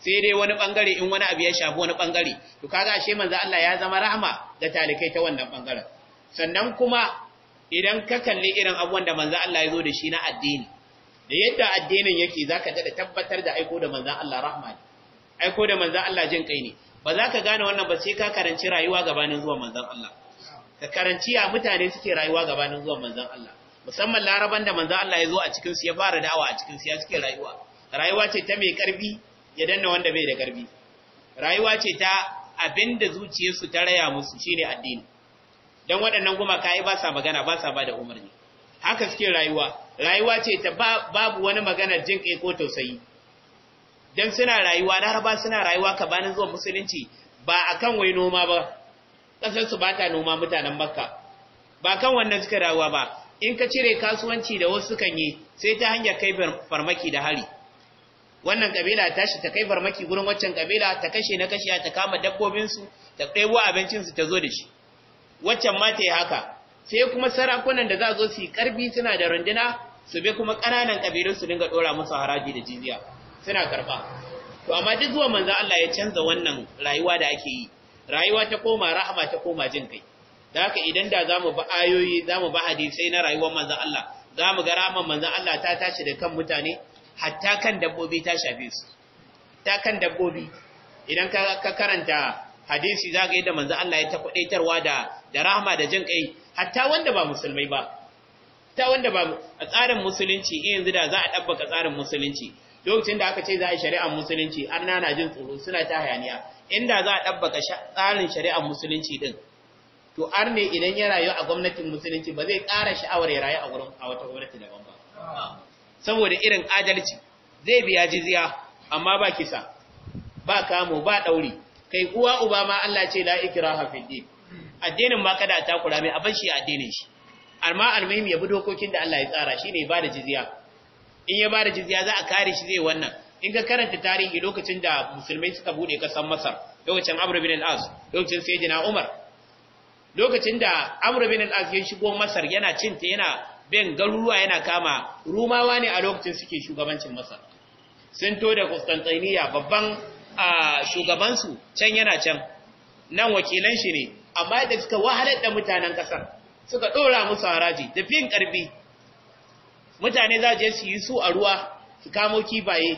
sai dai wani bangare in wani abu ya shafi wani bangare to kaga ashe manzan Allah ya zama rahama da talikai ta wannan bangaren sannan kuma idan ka kalli irin abubuwan da manzan Allah ya zo da shi na addini da yadda addinin yake zaka da tabbatar da aiko da manzan Allah rahma aiko da manzan Allah jin kai ne ba za ka gane wannan ba sai ka karanci rayuwa gabanin zuwan manzon Allah ka karanci ya mutane suke rayuwa gabanin zuwan manzon Allah musamman laraban da manzon Allah ya zo a cikin ya fara da'awa a cikin ya suke rayuwa rayuwa ce ta mai karbi ya danna wanda bai da karbi rayuwa ce ta abinda zuciyarsu ta raya musu shine addini dan waɗannan gumaka ai ba sa magana ba sa ba da umarni haka suke rayuwa rayuwa ce ta babu wani maganar jin kai ko tausayi don suna rayuwa laraba suna rayuwa ka bani zuwa musulunci ba a kan wai noma ba ƙasarsu ba ta noma mutanen makka ba kan wannan suka rayuwa ba in ka cire kasuwanci da wasu kan yi sai ta hanyar kai farmaki da hari wannan kabila ta shi ta kai farmaki gurin waccan kabila ta kashe na kashe ta kama dabbobinsu ta ɗebo abincinsu ta zo da shi waccan ma ta yi haka sai kuma sarakunan da za zo su yi ƙarfi suna da runduna su bi kuma ƙananan ƙabilun su dinga ɗora musu haraji da jiziya suna karba to amma duk zuwa manzo Allah ya canza wannan rayuwa da ake yi rayuwa ta koma rahama ta koma jin kai da haka idan da zamu ba ayoyi zamu ba hadisi na rayuwar manzo Allah zamu ga rahama manzo Allah ta tashi da kan mutane hatta kan dabbobi ta shafe su ta kan dabbobi idan ka karanta hadisi zaka yi da manzo Allah ya ta kudaitarwa da da rahama da jin kai hatta wanda ba musulmai ba ta wanda ba a tsarin musulunci yanzu da za a ɗabbaka tsarin musulunci lokacin da aka ce za a shari'ar musulunci arna na jin tsoro suna ta hayaniya inda za a ɗabbaka tsarin shari'ar musulunci din to ar ne idan ya rayu a gwamnatin musulunci ba zai ƙara sha'awar ya rayu a wurin a wata gwamnati daban ba saboda irin adalci zai biya jiziya, amma ba kisa ba kamo ba ɗauri kai uwa uba ma Allah ce la ikira addinin ma kada a takura mai a bar shi addinin shi amma almuhim ya bi dokokin da Allah ya tsara shine ba da jiziya. in ya bada jizya za a kare shi zai wannan in ka karanta tarihi lokacin da musulmai suka bude kasan Masar lokacin Amr bin al-As lokacin Sayyidina Umar lokacin da Amr bin al-As ya shigo Masar yana cinta yana bin garuruwa yana kama Rumawa ne a lokacin suke shugabancin Masar sun to da Constantinople babban shugabansu can yana can nan wakilan shi ne amma da suka wahalar da mutanen kasar suka dora musu haraji da fin karbi mutane za je su yi su a ruwa su kamo kibaye,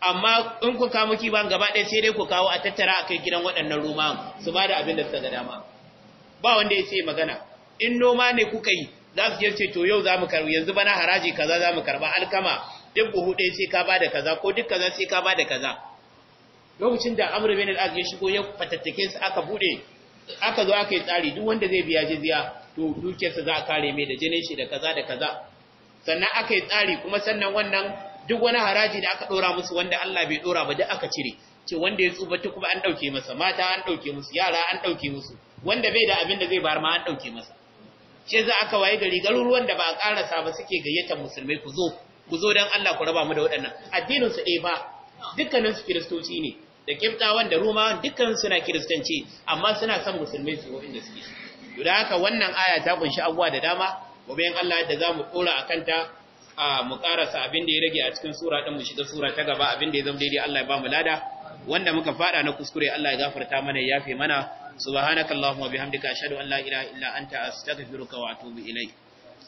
amma in ku kamo kifayen gaba ɗaya sai dai ku kawo a tattara a kai gidan waɗannan roma su ba da abin da suka ga dama ba wanda ya ce magana in noma ne kuka yi za su je ce to yau za mu karbi yanzu bana haraji kaza za mu karba alkama duk buhu ɗaya sai ka ba da kaza ko duk kaza sai ka ba da kaza lokacin da amur bin al-az ya shigo ya fatattake su aka bude aka zo aka yi tsari duk wanda zai biya jizya to dukiyarsa za a kare mai da jinin shi da kaza da kaza sannan aka yi tsari kuma sannan wannan duk wani haraji da aka dora musu wanda Allah bai dora ba duk aka cire ce wanda ya tsufa kuma an dauke masa mata an dauke musu yara an dauke musu wanda bai da abin da zai bar ma an ɗauke masa ce za aka waye gari garuruwan da ba a sa ba suke gayyatar musulmai ku zo ku zo don Allah ku raba mu da waɗannan addinin su ɗaya ba dukkanin su kiristoci ne da kiftawan da ruma dukkan suna kiristanci amma suna son musulmai su inda suke to da haka wannan aya ta kunshi abuwa da dama gobe in Allah yadda mu kora akan ta a mu ƙarasa abin da ya rage a cikin sura din mu shiga sura ta gaba abin da ya zama daidai Allah ya ba mu lada wanda muka faɗa na kuskure Allah ya gafarta mana ya yafe mana subhanakallahumma bihamdika ashhadu an la ilaha illa anta astaghfiruka wa atubu ilaik